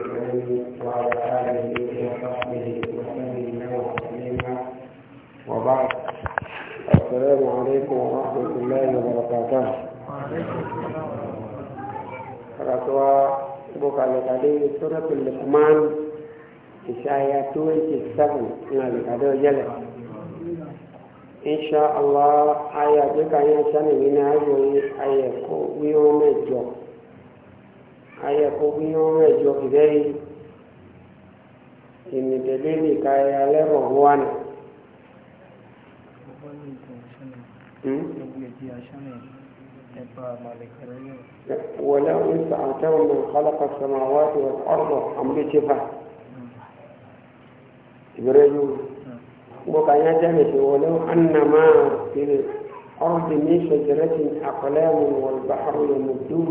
وعلى آله وصحبه وسلم وسليما وبعد السلام عليكم ورحمة الله وبركاته رسوى بوكا لقديم سورة اللقمان إشاية 27 نعم لقديم جلس إن شاء الله آية بك أن يشان من أجل أن يكون يوم الجمعة ayẹpo bí ọrọ ẹjọ kìdẹyìn ìnìtẹlẹ nìka alẹ rọ wà ní. ولو إن سألتهم من خلق السماوات والأرض أمر جفا إبراهيم وكان يجهز ولو أن ما في الأرض من شجرة أقلام والبحر يمده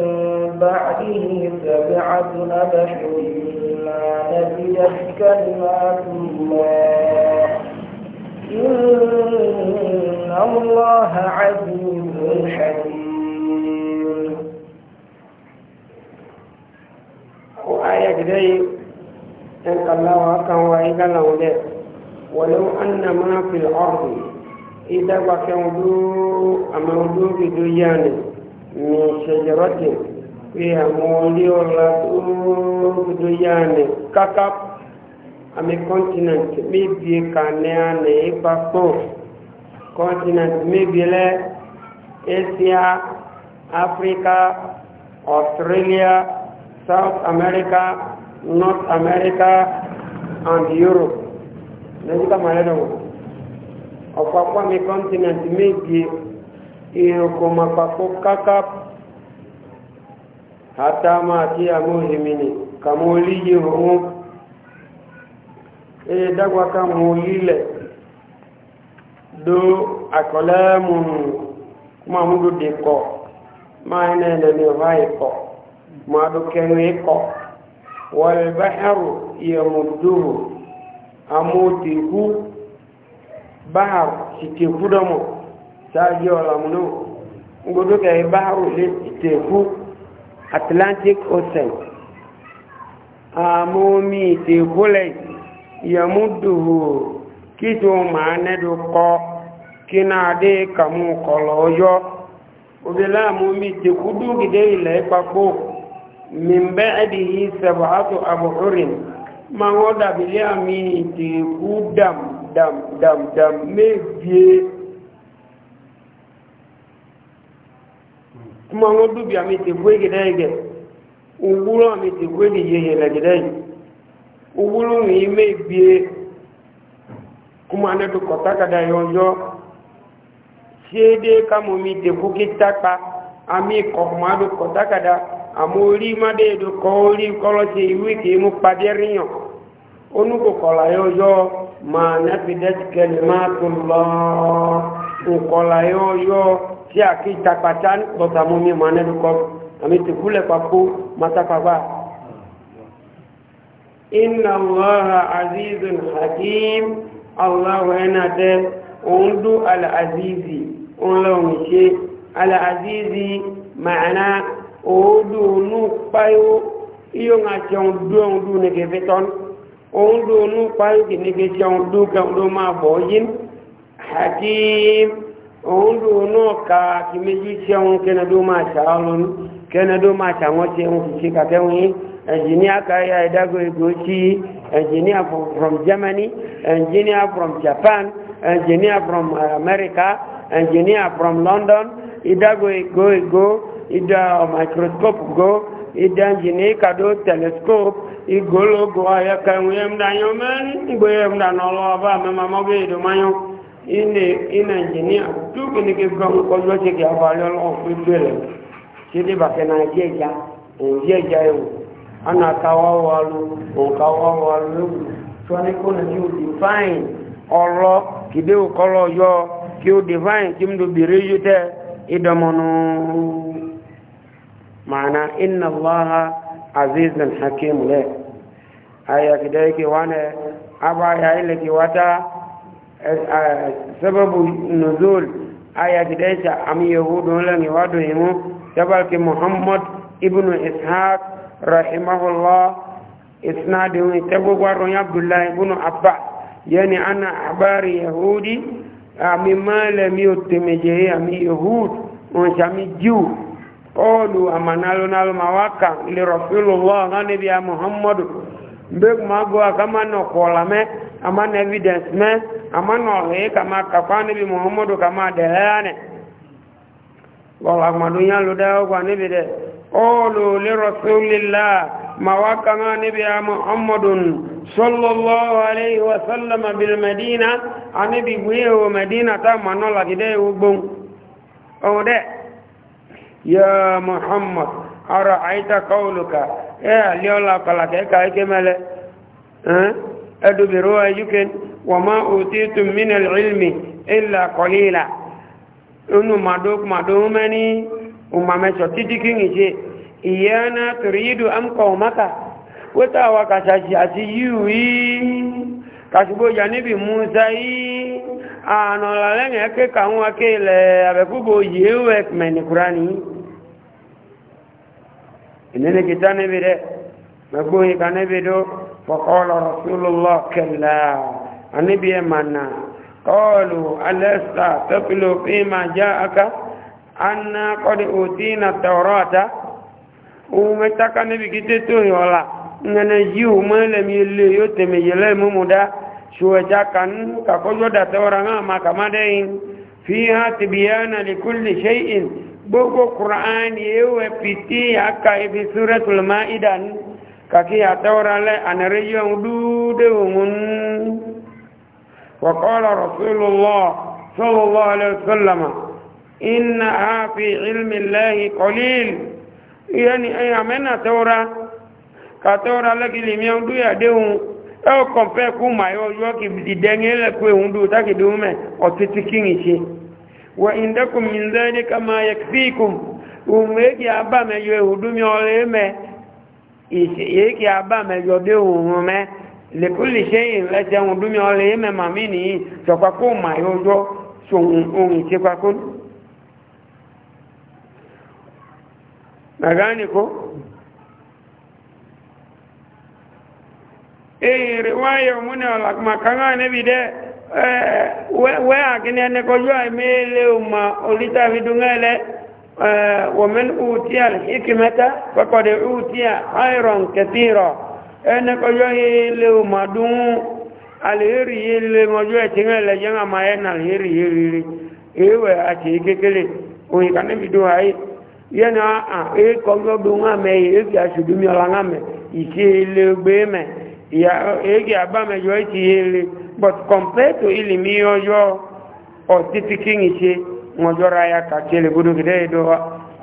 بعده سبعة أبحر ما نفدت كلمات الله إن الله عزيز حكيم وآية جدي إن الله أكبر وإذا لولا ولو أن ما في الأرض إذا وكان ذو أمر ذو بديان من شجرة pé àwọn orí ọ̀la tó yá nì káká àmì continent mébi kàní ànì ipa pọ̀ continent mébi lẹ́ asia africa australia south america north america and europe lẹ́yìn kàmá lẹ́dọ̀wọ̀ ọ̀pọ̀ àpọ̀ àmì continent mébi ìrùkọ̀mọ̀pàpọ̀ káká hata ma ti amuhimini kamuli yehu e dagwa kamulile do akolamu kuma mudu diko ma ina ina ni vai ko ma do kenwe ko wal bahru yamudduhu amutihu bahar siteku domo sajo lamunu ngodo kai bahru le siteku atlantic ocean àmómi ìtẹ̀kúlẹ̀ yẹmúdùhù kí tó máa nẹ́dù kọ kí náà dé kàmú kọlọ̀ ọjọ́ obìnrin àmómi ìtẹ̀kúdù gìdé ilẹ̀ papò mímbẹ́ ẹ̀dìyí sẹ̀bàátò àbúhùrìn máa wọ́n dàbílẹ̀ àmì ìtẹ̀kú dàm dàm dàm dàm méje kuma ŋo dubi ami te bue gidai ge uwulo ami te bue di yeyele gidai uwulo ŋu ime bie kuma ne to kɔta ka da yɔnjɔ seede kamo mi te bu kita kpa ami kɔkuma do kɔta ka da amori ma de do kɔɔri kɔlɔsi iwi ke mu kpadi riyɔn onugo kɔla yɔnjɔ ma nafi dɛsikɛli ma tó lɔ nkɔla yɔnjɔ tí a kí takpata bọ̀tà mú mi mọ́ nínú kọ́ àmì tìkú lẹ̀ pàkó mọ́tàkàgbà. inna allaha azizun hakim allahu ẹna tẹ òun dún alàzízi òun lọ́wọ́ ṣe alàzízi màánà òun dún òun páyó iyo ŋa tẹun dúẹun dún nege fi tọ́nu òun dún òun páyó kì nege tẹun dún kẹun dún máa bọ̀ yín hakim òun ló náà ka kí méjì sẹ́wọ̀n kẹ́nà tó máa ṣàá lọ́nu kẹ́nà tó máa ṣàwọn sẹ́wọ̀n kìí ṣe kàkẹ́wọ̀n yìí ẹ̀jìníà káyà go go sí ẹ̀jìníà from germany ẹ̀jìníà from japan ẹ̀jìníà from uh, america ẹ̀jìníà from london ida go go ìgò ìdá microscope go ida ìdá ẹ̀jìníà kàdó telescope ìgòlógo ayẹkẹ̀wọ̀n yẹn da dànyọ́ mẹ́rin gbé yẹn mú dànù ọlọ́ọ̀bá mẹ́ma mọ́gbé ìdùnmáyọ́. ine ina engineer tu kini ke from kojo che ke avale lo pibele kidi ba na jeja o ewu e ana kawa walu o kawa walu so ni ko na you define oro kide o kolo yo ki o divine kim do yute idamono maana inna allaha azizun hakim le aya kidai ke wane ya sababu nuzul aya kidaisa ami yahudu lan yawadu himu tabalki muhammad ibnu ishaq rahimahullah isnadu tabu waru abdullah ibnu abba yani ana habari yahudi ami mala mi utemeje ami yahud on chami jiu olu amanalo nalo mawaka li rasulullah nabi muhammad mbek magwa kama no kolame aman evidence me aman ohe kama kakwa nabi muhammadu kama dehane wala amadunya luda kwa nabi de qulu li rasulillah mawaka ma nabi muhammadun sallallahu alayhi wa sallam bil madina anabi wewo madina ta manola gide ugbon ode ya muhammad ara aita qawluka ya liola kala ke kai kemele eh أدبروا يكن وما أوتيتم من العلم إلا قليلا إنه مدوك مدومني وما مشتتكين إشي إيانا تريد أم قومك وتاوى كشاشي أسيوي كشبو جانبي موسى ààrùn ọ̀làlẹ́yìn ẹ́kẹ́ kàwọn akẹ́ ilẹ̀ àbẹ̀kúgbò yíò ẹ̀kùnmẹ̀ ní kúránì ìnílẹ̀kìtà níbi rẹ̀ mẹ́gbóhìnkà níbi dó فقال رسول الله كلا النبي منا قالوا ألست تتلو فيما جاءك أنا قد أوتينا التوراة ومتك النبي كتتوه ولا ننجيه ملم يلي يتم يلي ممدا شوجا كان كفجو دا تورا ما كما دين فيها تبيان لكل شيء بوكو قرآن يوه بيتي أكا في سورة المائدة kàkí àtẹ́wọ́ra lẹ́ ànàrẹ́ yíò dúdé òun wọ̀kọ́lọ̀ rọ̀sílùlọ́ sọ́lọ́lọ́ alẹ́sọ́lọ́mà iná àáfi ilmi lẹ́yìn kọlíl yẹni ẹ̀yà mẹ́nà tẹ́wọ́ra kàtẹ́wọ́ra lẹ́kìlì mi ọdún yàdé òun ẹ ò kọ̀ǹpẹ́ kú màáyọ̀ yọ kì í dẹ́yìn lẹ́kọ́ ìṣèyíkì abámẹjọdé òun mẹ lèkúlì ṣẹyìn lẹsẹ ohun dúnmí ọlẹ yìí mẹmà mí nìyí sọpá kó mà yóò jọ sóhun ohun ìṣèpá kó. mẹgáníkó èyí rí wáyé òmúnẹ ọlàkùnmá kángá níbi dẹ ẹ wẹ àkíní ẹnẹkọjú àìmẹlẹ òmà oríta fi ومن أوتي الحكمة فقد أوتي خيرا كثيرا أنك يهيل ومدون الهيري اللي موجوه تنين لجنة ما ين الهيري هيري إيوة أتي كيكلي وهي كان يبدو هاي ينا إيه كونغ دونغا مي إيه كي أشدو مي لانغا مي إيه اللي بيمة يا إيه كي أبا مجوه تيهيلي but compared to إيه اللي ميو جو أو تيتي كينغي شي ngojor aya kakele gudu gide do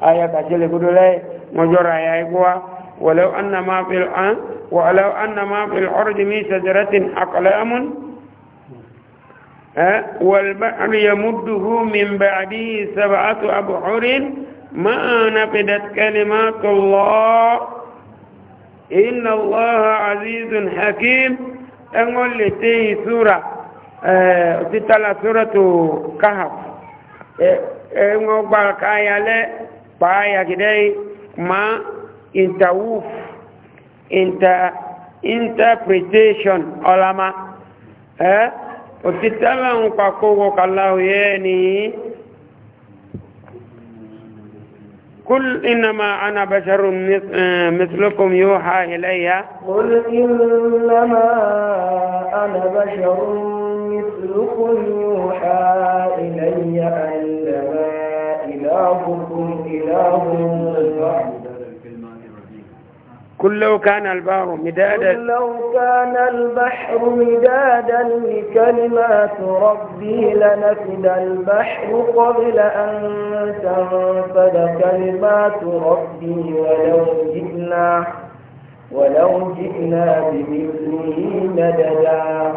aya kakele gudu le ngojor igwa ولو أن ما في الآن ولو أن ما في الأرض من شجرة أقلام والبحر يمده من بعده سبعة أبحر ما نفدت كلمات الله إن الله عزيز حكيم أقول لتي سورة تتلى سورة كهف ẹ̀wọ̀n eh, eh, gba káyà lẹ́ pààyà kìdẹ́ ma interwoof inter interpretation ọlama ẹ́ òtítẹ́lẹ̀ ń pàkówó kàláwò yẹ́ nìyí قل إنما أنا بشر آه، مثلكم يوحى إلي قل إنما أنا بشر مثلكم يوحى إلي أنما إلهكم إله واحد قل كان البحر مدادا قل لو كان البحر مدادا لكلمات ربي لنفد البحر قبل أن تنفد كلمات ربي ولو جئنا ولو جئنا بمثله مددا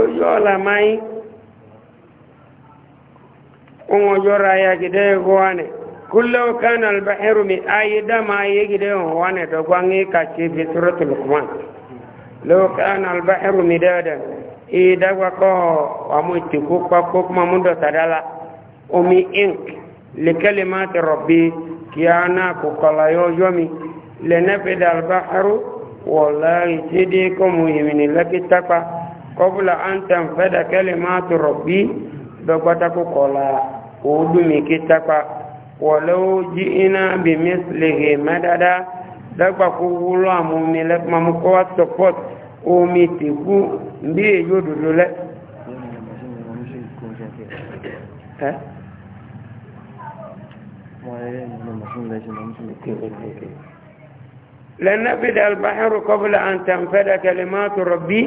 oyola mai ongo jora ya gide كله كان البحر من آيدا ما يجده وانا دقواني كاتي في سورة لقمان لو كان البحر مدادا إيدا وكو ومتكوك وكوك ممدو سدالا أمي إنك لكلمات ربي كيانا كوكالا يوجومي لنفد البحر والله سيديكم من لك تقى قبل أن تنفد كلمات ربي دقوتك كولا ودمي كتقى ولو جئنا بمثله مددا دقا قولوا مومي لك ممكوات سقوط omi tèkú bí èyí òdòdó lẹ́ لنفد البحر قبل أن تنفد كلمات ربي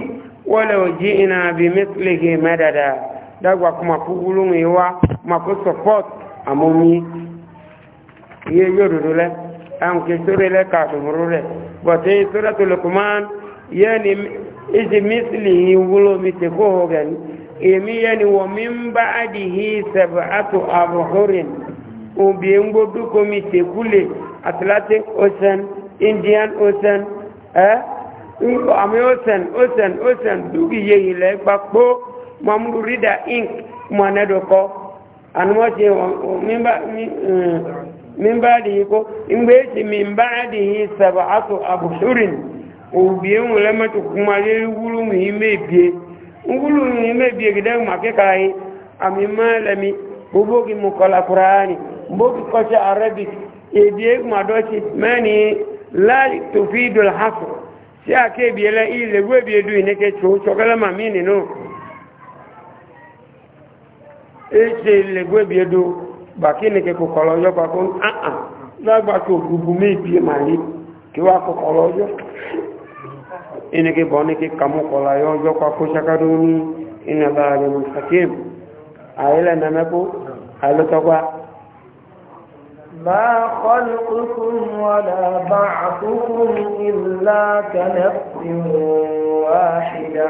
ولو جئنا بمثله مددا دقوا كما قولوا ميوا ما كنت support أمومي iye yóòdòdó lẹ àǹkè sórí lẹ kàtùmùrú rẹ bọ̀tẹ́ sórí ye ni ìsì misli yìí wulo mi ti kó hó gẹ̀ni èmi yẹni wọ̀ mí ń bá àdìhí sẹ̀bẹ̀ àtò àbọ̀hórìn òbí ń ko mi te kule atlantic ocean indian ocean ẹ àmì ocean ocean ocean dúkìyẹ ilẹ̀ gbapò mọ̀mú rídà inc mọ̀nẹ́dọ̀kọ ànumọ̀ ṣe wọ̀ mi. min ba'dihi ko in be ti min ba'dihi sab'atu abshurin ubiye mulama to kuma le wulu mi mebie ngulu mi mebie gidan ma kai ami malami mukola qur'ani bubo kocha arabic e die ma la tufidu al si ake biela ile gwe biedu ne ke chokala no bàkínì kẹkọ kọlọ ọjọ́ pàkó áhàn lágbà tó gbogbo méjì màlí kí wá kọ kọlọ ọjọ́ ìnìkẹ bọ́ ní kí kàmú kọlọ ọjọ́ pàkó ṣakadó ní ìnàbà rẹ̀ mùsàkìm ما خلقكم ولا بعثكم إلا كنفس واحدة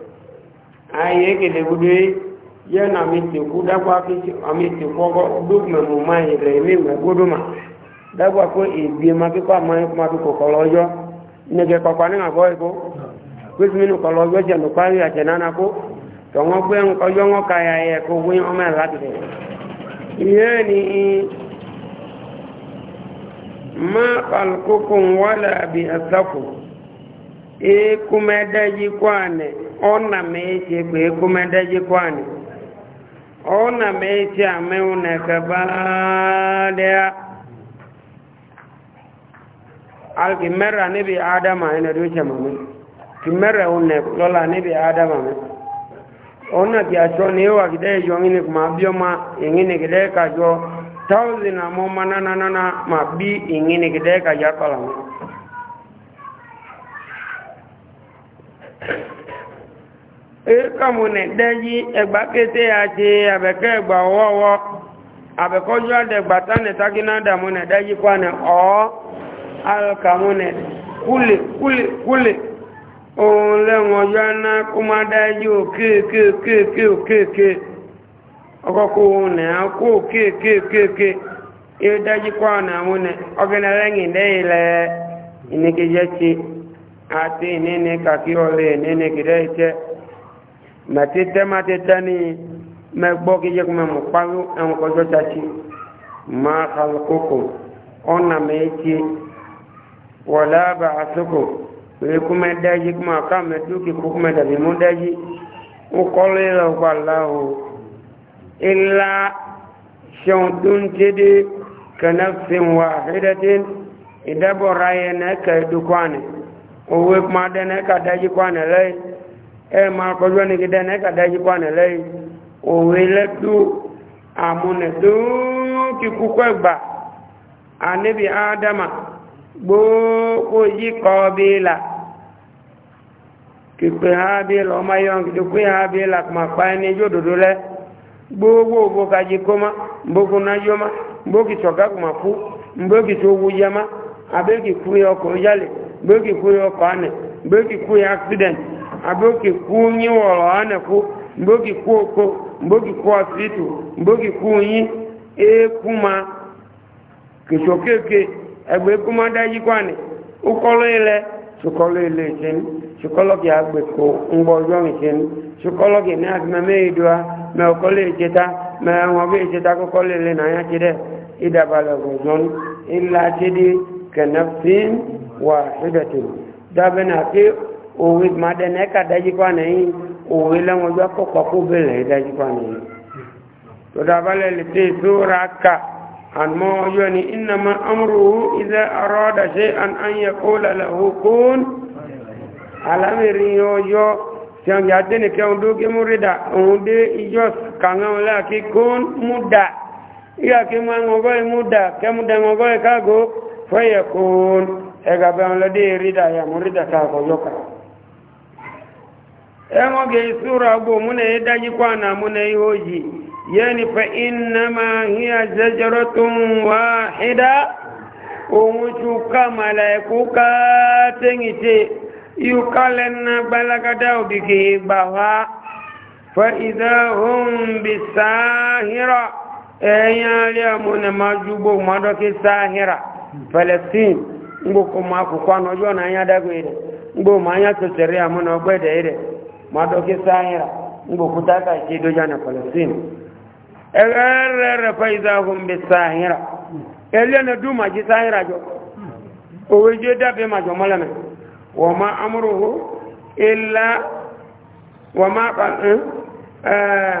aye kele gude yana miti ku dakwa ki amiti ko go dug me mu mai re mi me guduma dakwa ko ibi e ma ki kwa mai ma ko ko lojo ne ke ko e kwani ngo ko kwis minu ko lojo je no kwa ya jenana ko to ngo gbe ngo yo ngo kaya ye ko wi o me la de iye ni ma khalqukum wala bi asaku e kuma daji kwane ona meche kwe kumendaji kwani ona meche ameuneka baada alkimera nibi adama inaducha mame kimera une lola nibi adama me ona kiacho niwa kidai jongini kumabioma ingine kidai kajo thousand amo manananana mabi ingine kidai kajo kolama Thank you. ekamu ne dɛdzi ɛgba kete ati abɛkɛ ɛgba wɔwɔ abɛkɔdzo adɛ gbata ne taki damu ne dɛdzi kɔ ne ne kule kule kule òun lɛ kuma dɛdzi o kekekeke o keke òun ne ako kekekeke ye dɛdzi kɔ ne amu ati ne ne kaki ɔlɛ ne ne mɛ titɛ e ma titɛ ni mɛ gbɔ kidze kò mɛ mo kpalu ɛmu kɔjɔ tatsi ma kalu koko ɔna mɛ etie wala ba asoko oye kò mɛ da yi kò mɛ aka mɛ duki kò mɛ dabi mo da yi wokɔlu yi la wò ala o ila sɛŋ tó ń kana fin wa hidatin idabɔra yɛ n'ɛkɛ du kwane owe kuma de n'ɛka da yi kwane lɛ. ẹ máa kọjú ẹni kí dẹ́nu ẹ̀ka dájú pàánù lẹ́yìn òwe lẹ́tú àmúnẹ̀dún ti kúkú ẹ̀gbà àníbi ádámà gbogbo yí kọ́ bí là kìpé ha bí lọ ọmọ yọ kìpé ha bí lọ kùmà kpáyé ní ijó dodo lẹ gbogbo ògbó kadì kó gbogbo nájọ gbogbo sọ̀ká kùmà kú gbogbo tó wu ma abégi ọkọ̀ ojálè gbogbo kú yẹ ọkọ̀ gbogbo accident abioki ku nyi woro ana ku mbogi ku oko mbogi ku mgbe nyi e egbe kuma daji kwani ukolo ile sukolo ile chen sukolo ki agbe ko ngbo yo chen sukolo ki na agbe me idwa me okolo icheta me icheta ile na dabena òwe màdẹ nẹka dájú kó ànẹyìn òwe lẹwọn ọjọ kọkọ kó bẹlẹ dájú kó ànẹyìn tọdọ abalẹ lè tẹ sóra ká àmọ ọjọ ni ìnàmà amúrúwú ilẹ arọdà ṣe àn ànyẹ kó lálẹ òkún alámìrí ọjọ tiwọn yà dé nìkẹ́ ọdún dókè múrídà òun dé ìjọ kàngán láàkí kún múdà ìyá kí mú àwọn ọgọ́ ìmúdà kẹmúdà àwọn ọgọ́ ìkágó fẹ́yẹ̀ kún ẹgbàbẹ́ ọlọ́dẹ́ rídà yà múrídà káàkọ́ yọkàá ẹwọ́n ga esi ụra gboo mụ na kwánà na mụ na ihe oji fẹ́ iná máa hí àjẹjẹrọ tó ń wá ẹ̀dá òun tún ká màlà ẹ̀kú ká tẹ́yìntẹ́ ihò kálẹ̀ ná gbalagada òkìkì palestine ń gbókò ọjọ́ náà yá ń gbó yá madoke sahira ngo kutaka kido jana palestine erere faiza hum bisahira elena duma ji sahira jo o weje dabe ma jo malame wa ma amruhu illa wa ma eh, eh,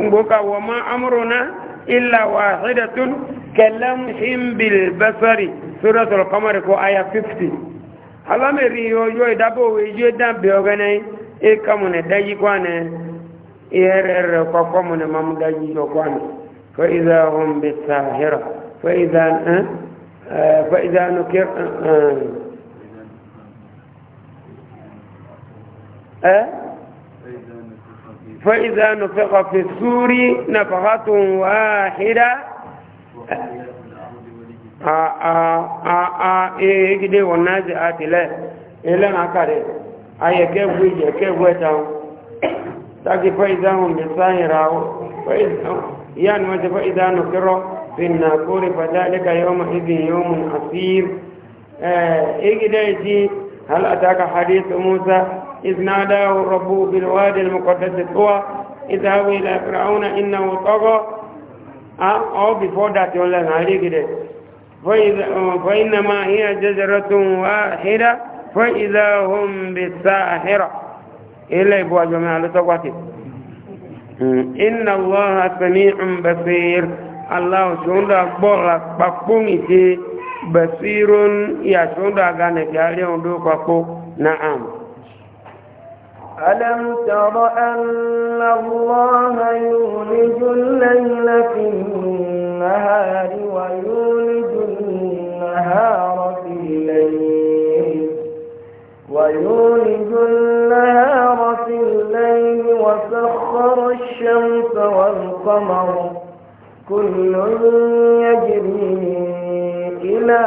ngoka wa ma amruna illa wahidatun kalamhim bil basari suratul qamar ko aya 50 alame riyo yo dabo weje dabe oganai e kamune daji kwane yerere kwa kamune mamu daji jo kwane fa idha hum bisahira fa idha fa idha nukir eh fa nufiqa fi suri السور wahida a a a a e كده والنازعات atile ele na kare ke ke ayẹ̀kẹ́wé yẹ̀kẹ́wé táwọn tàbí fẹ́ìdáhùn lè sáyẹ̀rà ìyá ni ma ti no kírọ́ fi nà kórè fàdálẹ́ka yọ́mọ̀ ibi yọ́mọ̀ àfíìr ẹgidẹ́ ìjì هل أتاك حديث موسى إذ ناداه ربه بالوادي المقدس طوى اذهب إلى فرعون إنه طغى أو before that يقول لنا فإنما هي جزرة واحدة فإذا هم بالساحرة إلا يبوا جميع لتقواتي إن الله سميع بصير الله شوندا بولا بقومتي بصير يا شوندا غانك عليهم دوكاكو نعم ألم تر أن الله يولج الليل في النهار ويولج النهار في الليل ويولج النهار في الليل وسخر الشمس والقمر كل يجري إلى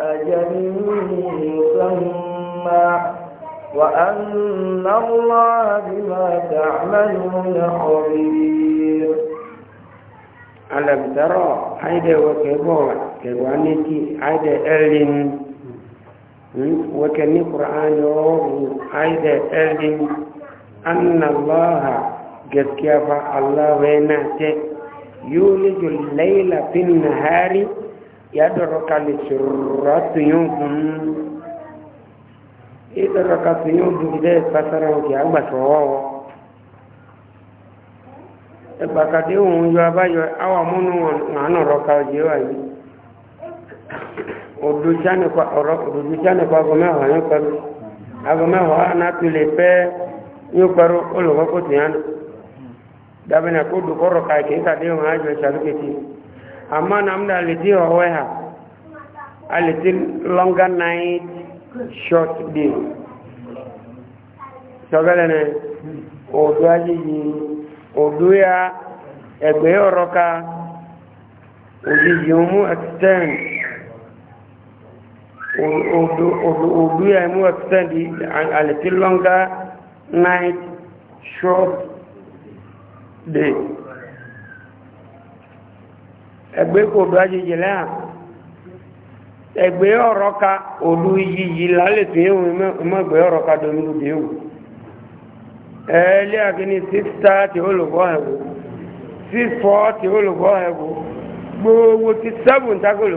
أجل مسمى وأن الله بما تعملون خبير ألم ترى عيد وكبوة كبوانتي عيد وكني قرآن يوم عيدة أن الله قد كيف الله ويناته يولج الليل في النهار يدرك لسرة يوم يدرك في يوم بداية فترة يوم يوم يوم يوم yọ abáyọ àwọn amúnú àánà rọ́ka ọjọ́ wáyé odujane kwa oro odujane kwa goma wa yokaru agoma wa na tule pe yokaru olo ko tiana dabe na kudu koro ka ke ka de ma jo sharuketi amma namda liti wa weha a little longer night short day sogale ne oduaji yi oduya egbe oroka ojiji omu extend odu ya mu extend di little longa night short day ẹgbẹ́ kò dọ́ àjèjì lẹ́yà ẹgbẹ́ ọ̀rọ̀ ka olú yìí lálẹ́ egbe oroka mọ́gbẹ́ ọ̀rọ̀ ka domingo tó yẹ́wò ẹ̀ẹ́lẹ́ àkíní sísá tí ó lògbọ́ ẹ̀wò tí ó ẹ̀wò gbogbo ti sẹ́bùn tákòlù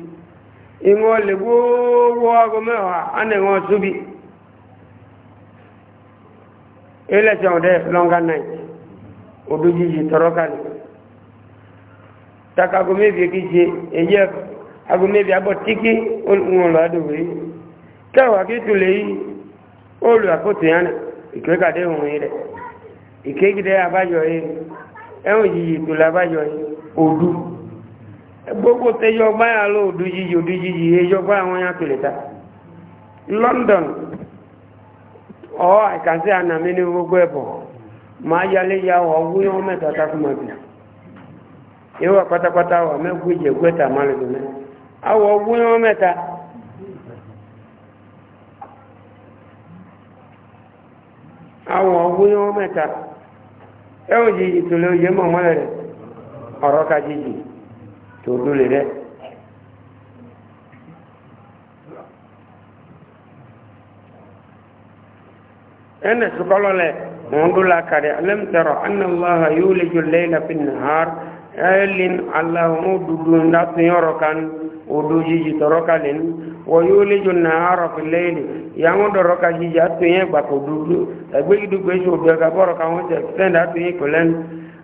ìwọ̀n lè gbówó ọgọ mẹ́wàá anẹ̀wọ̀n súbí ilẹ̀ṣẹ̀ ọ̀dẹ́ lọ́ngà náà òdójíjì tọrọkàlì taka agomébìí kí ṣe èyí agomébìí abọ́ tíkí olùwọ̀n lọ́dọ̀wé kẹwàá kí tù lè yí olù àkótò yánà ìkékàdé òun rẹ̀ ìkékìdẹ́ abájọ gbogbo tẹjọ báyà ló dújíjì dújíjì ẹjọ báyà wọn yà pèlè ta london ọ àìkàsí ànàmí ní gbogbo ẹ̀bọ̀ máa yálé ya wọ wúyọ́ mẹ́ta takumọ̀bì ìwọ pátápátá wọ mẹ́gbó ìjẹ̀gbẹ́ta má lè dùn mẹ́ awọ wúyọ́ mẹ́ta awọ wúyọ́ ẹ ò jìjì tó lè yé tó dúró rẹ. ẹnna sukɔlɔ lɛ wọn dún la kari alẹ́mu tẹ̀rọ anamlaha yóò lè jò lẹ́yìn lafi nahar ẹ̀ẹ́lin aláwọn dúdú ńlá tún yọrọ kan odò jíjì tọrọ kalẹ̀ ní wọ́n yóò lè jò nahar fi lẹ́yìn yàwọn dọ̀rọ̀ ka jíjì atún yẹn gbàkó dúdú yìí dúgbò èso bẹ́ẹ̀ ká bọ̀rọ̀ káwọn tẹ̀ sẹ́ńdà atún yẹn kò lẹ́nu.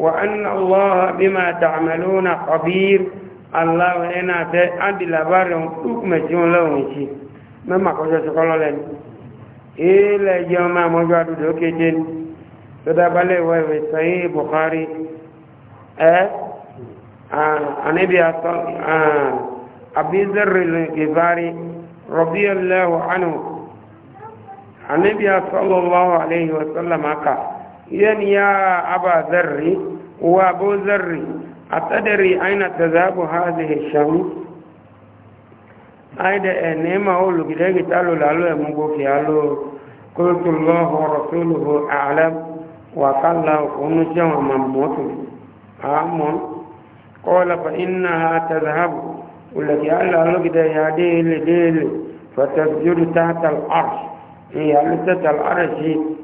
وأن الله بما تعملون خبير الله هنا أدي لبارهم حكم جملهم شيء مما قصة قالوا لنا إلا يوم مجرد دوكيتين تدبلي وفي صحيح بخاري أه عن أبي أبي ذر الغفاري رضي الله عنه عن النبي صلى الله عليه وسلم قال إذن يا أبا ذر وأبو ذر أتدري أين تذهب هذه الشمس أيضا نعمة أولو كده قالوا لألو مبوكي قالوا قلت الله ورسوله أعلم وقال له كن جمع مموت آمون قال فإنها تذهب ولك ألا ألو كده يا ديل ديل فتسجد تحت العرش هي تحت العرش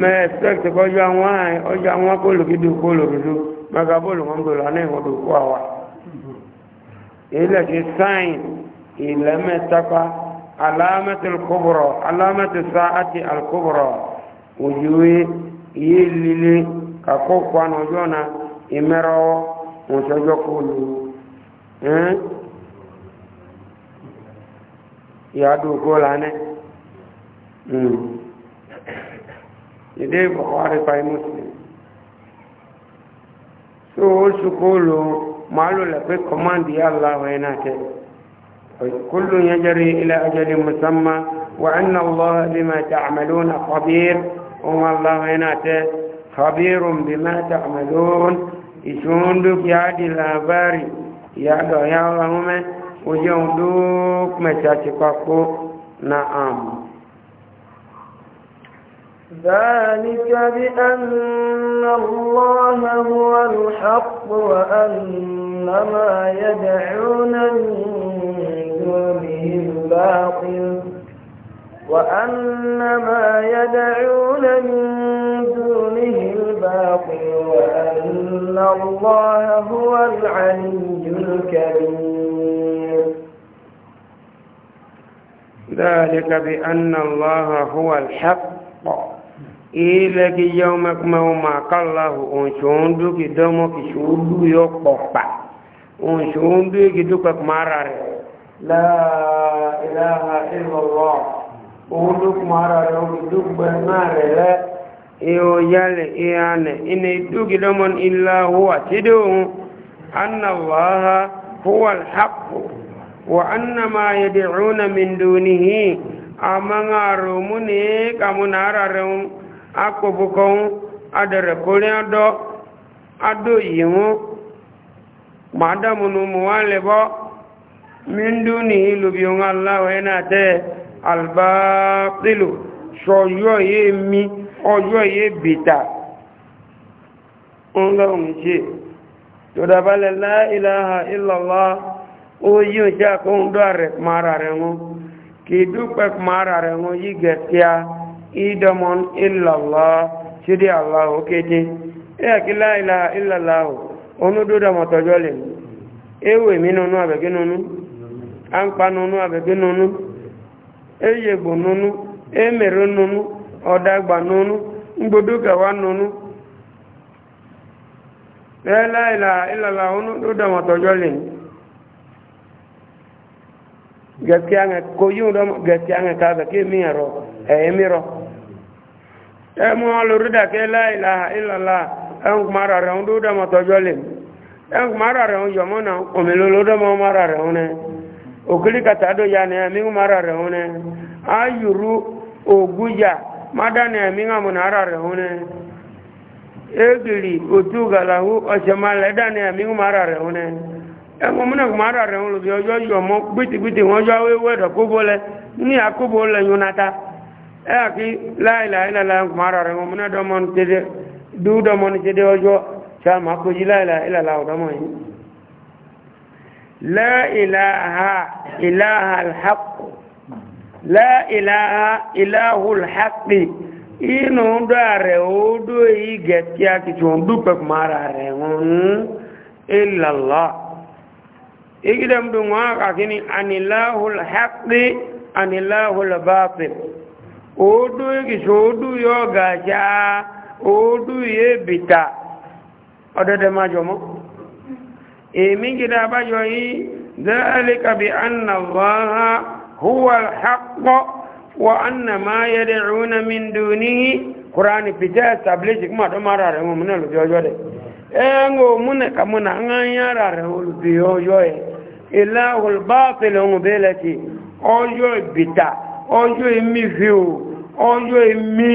mɛ ɛspɛkt kɔjɔ àwọn ayi ɔjɔ àwọn kólokidu kólokidu maka wọn gbèrò àná ìwọ̀n tó kó àwa ilẹ̀ ti sáìn ilẹ̀ mẹ́tàkà alámẹ́tì alámẹ́tì sáàtì iye líle na ilé buhari pa muslim so ó sukúlù màálù lẹ́pẹ́ kọ́mándì aláwọ̀ ẹ̀ náà tẹ́ كل يجري إلى أجل مسمى وأن الله بما تعملون خبير وما الله يناته خبير بما تعملون يشون دوك يا دي لاباري يا دو يا اللهم وجون دوك مشاشقكو نعم ذلك بأن الله هو الحق وأن ما يدعون دونه الباطل وأن ما يدعون من دونه الباطل وأن الله هو العلي الكبير ذلك بأن الله هو الحق ilẹ̀kì yẹ ọmọ ẹkùnmọ́ ọmọ àkàláhù òǹṣòǹdó kì dánmọ́ kì ṣòǹdó yọ pọ̀pà òǹṣòǹdó kì dúpẹ́ kùmọ́ ara rẹ̀ láàá ìlọ́wọ́ òǹdó kùmọ́ ara rẹ̀ òǹdó dúpẹ́ náà rẹ̀ lẹ́ iyo yálẹ̀ ìhànẹ̀ iná ìdúkì dánmọ́ ilá hùwà tí dé òun akpọbụkọ nwụ adịrịkụrị adọ adọ yi nwụ ma adamu na ụmụ nwanne bọ min duni ilubi onwe alahu ena te albaqilu ya emi ya bita ọlọ́run jẹ́ tòdàbálẹ̀ láìláha ìlọ́lá ó yí òjá kó ń dọ́ rẹ̀ ìdọ́mọ́n ìlàlá ṣídí àláhù kéde ẹ̀kí e láìlà ìlàláhù onúdúdàmọ̀ tọjọ́ lè ewé mi nínú àbẹ̀gí nínú àǹpa nínú àbẹ̀gí nínú eyègbò nínú emèrè nínú ọ̀dàgbà nínú ngbòdókẹwà nínú láìlà ìlàláhù onúdúdàmọ̀ tọjọ́ lè mi ẹmú olùrídàkẹ́ láìláà ìlàlá ẹnkù mara rẹ̀ ń dúdà mọ̀tọ́jọ́ lè ẹnkù mara rẹ̀ ń yọmọ́ na òmìnir olódọ́mọ́ mara rẹ̀ ń nẹ́ òkìlì kàtàdó ya ni ẹ̀mí mara rẹ̀ ń nẹ́ ayùrú ògújà mádà ni ẹ̀mí àmúnara rẹ̀ ń nẹ́ egìlì òtú gàlàhú ọ̀sẹ̀málẹ̀dà ni ẹ̀mí mara rẹ̀ ń nẹ́ ẹmú múnà rẹ̀ ń lòdì ọjọ́ yọmọ́ gbìtìgbìtì wọn yọ awéwé kóbó lẹ ní àkóbó lẹ yónata aki laila ila la mara re mo na domon tede du domon tede ojo cha ma ko ji laila ila la domon yi la ilaha ilaha al haqq la ilaha ilahu al haqq inu dare o do yi getia ki tun du pe mara re won illa allah igidam du wa ka kini anilahul haqq anilahul batil oɗoyki so oɗu yogaca oɗu ye bita oɗodema jomo emin kitaba joyi dalika bian allaha huwa alhaqo wa anna ma yadauna min dunihi qurani pite establishi kuma ɗo mararemo mune lupiyojode ego mune kamuna anganyararemo lupiyojoye ilahu lbatil ongu belati ojoy bita ọjọ́ èmi fi o ọjọ́ èmi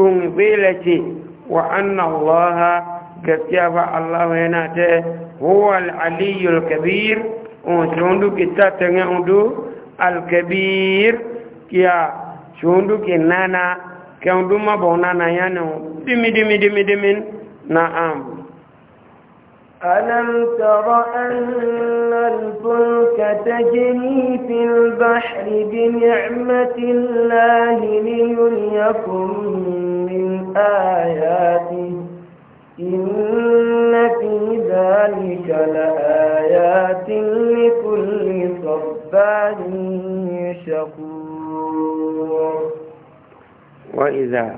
òun gbé lẹ́tì wà ánà lọ́ha gẹ̀ẹ́síà bá aláwọ̀ ẹ̀ náà tẹ́ wọ́wọ́ alìyí alkabir òun tí ó ń dúkì tàtẹ̀yẹ̀ ń dú alkabir kí a tí ó ń dúkì nánà kẹ́ ń dú mọ́bọ̀ nánà yánà dìmìdìmìdìmìdìmì na àmì ألم تر أن الفلك تجري في البحر بنعمة الله ليريكم من آياته إن في ذلك لآيات لكل صبار شكور وإذا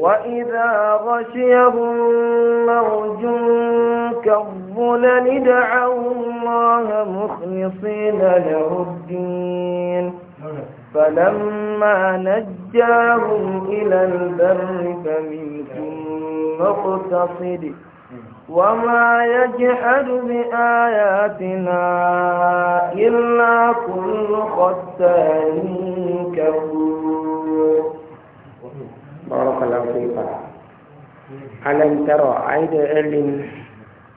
وإذا غشيهم موت كالظلل دعوا الله مخلصين له الدين فلما نجاهم إلى البر فمنهم مقتصد وما يجحد بآياتنا إلا كل ختان كفور بارك الله فيك ألم ترى عيد إلين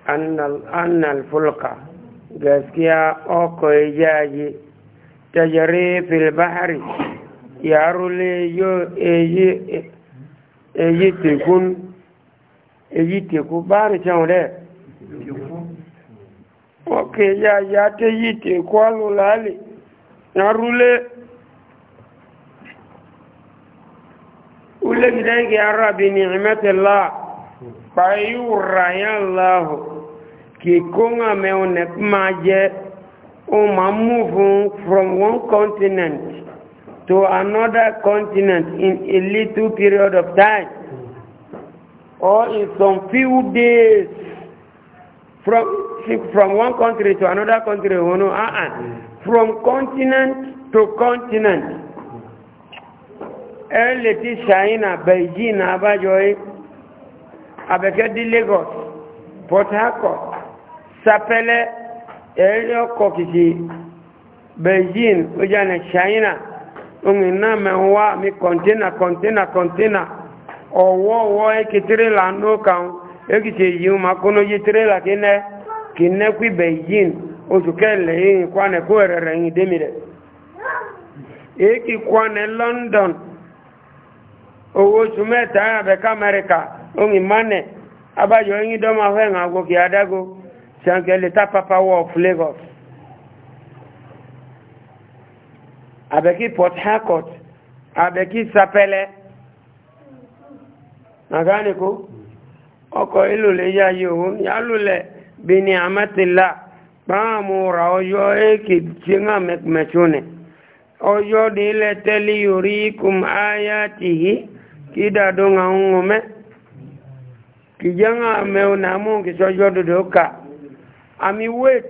annal fulka gaskiya oko yaji tajari fil bahari ya rule yo eyi tekun eyi teku bari can re oke ya ya te yi teku alulali ya rule ule gidan ki arabi ni'matillah fayu rayan kìkóńgà mẹ́wọ̀n nẹ́kú máa jẹ́ ó máa move from one continent to another continent in a little period of time or in some few days from from one country to another country oh no uh -uh. from continent to continent ẹ lè ti ṣàyínà beijing abájọ́ abẹ́kẹ́ dí lagos port harcourt sapɛlɛ ɛyɛ kɔ kìkì beijing ó jẹ́ china òun náà mẹ́ ń kọntena mi kọntena kọ̀ntínà kọ̀ntínà ọ̀wọ́ ọ̀wọ́ ẹ̀kì tírélà ń lókàn ẹ̀kì tẹ̀ ma kó lóye tírélà kí nẹ́ kì nẹ́ oṣù kẹlẹ̀ yìí kwanẹ̀ kó rẹ̀rẹ̀ yìí démi rẹ̀ ẹ̀kì kwanẹ̀ london owó oṣù mẹ́ta àbẹ̀ká amẹ́ríkà òun ìmánẹ̀ abájọ yìí dọ́mọ afẹ́ ń àgọ́ c'est un gars l'état papa of Lagos. Avec qui porte Harcourt, avec qui s'appelle Naganiko. Encore il le ya yon, ya lule, bini amatilla, bamura, oyo eki, tchinga mek mechune. Oyo dile teli yuri kum ayatihi, kida donga ungome. Kijanga me unamu kisho yodo doka. àmì wait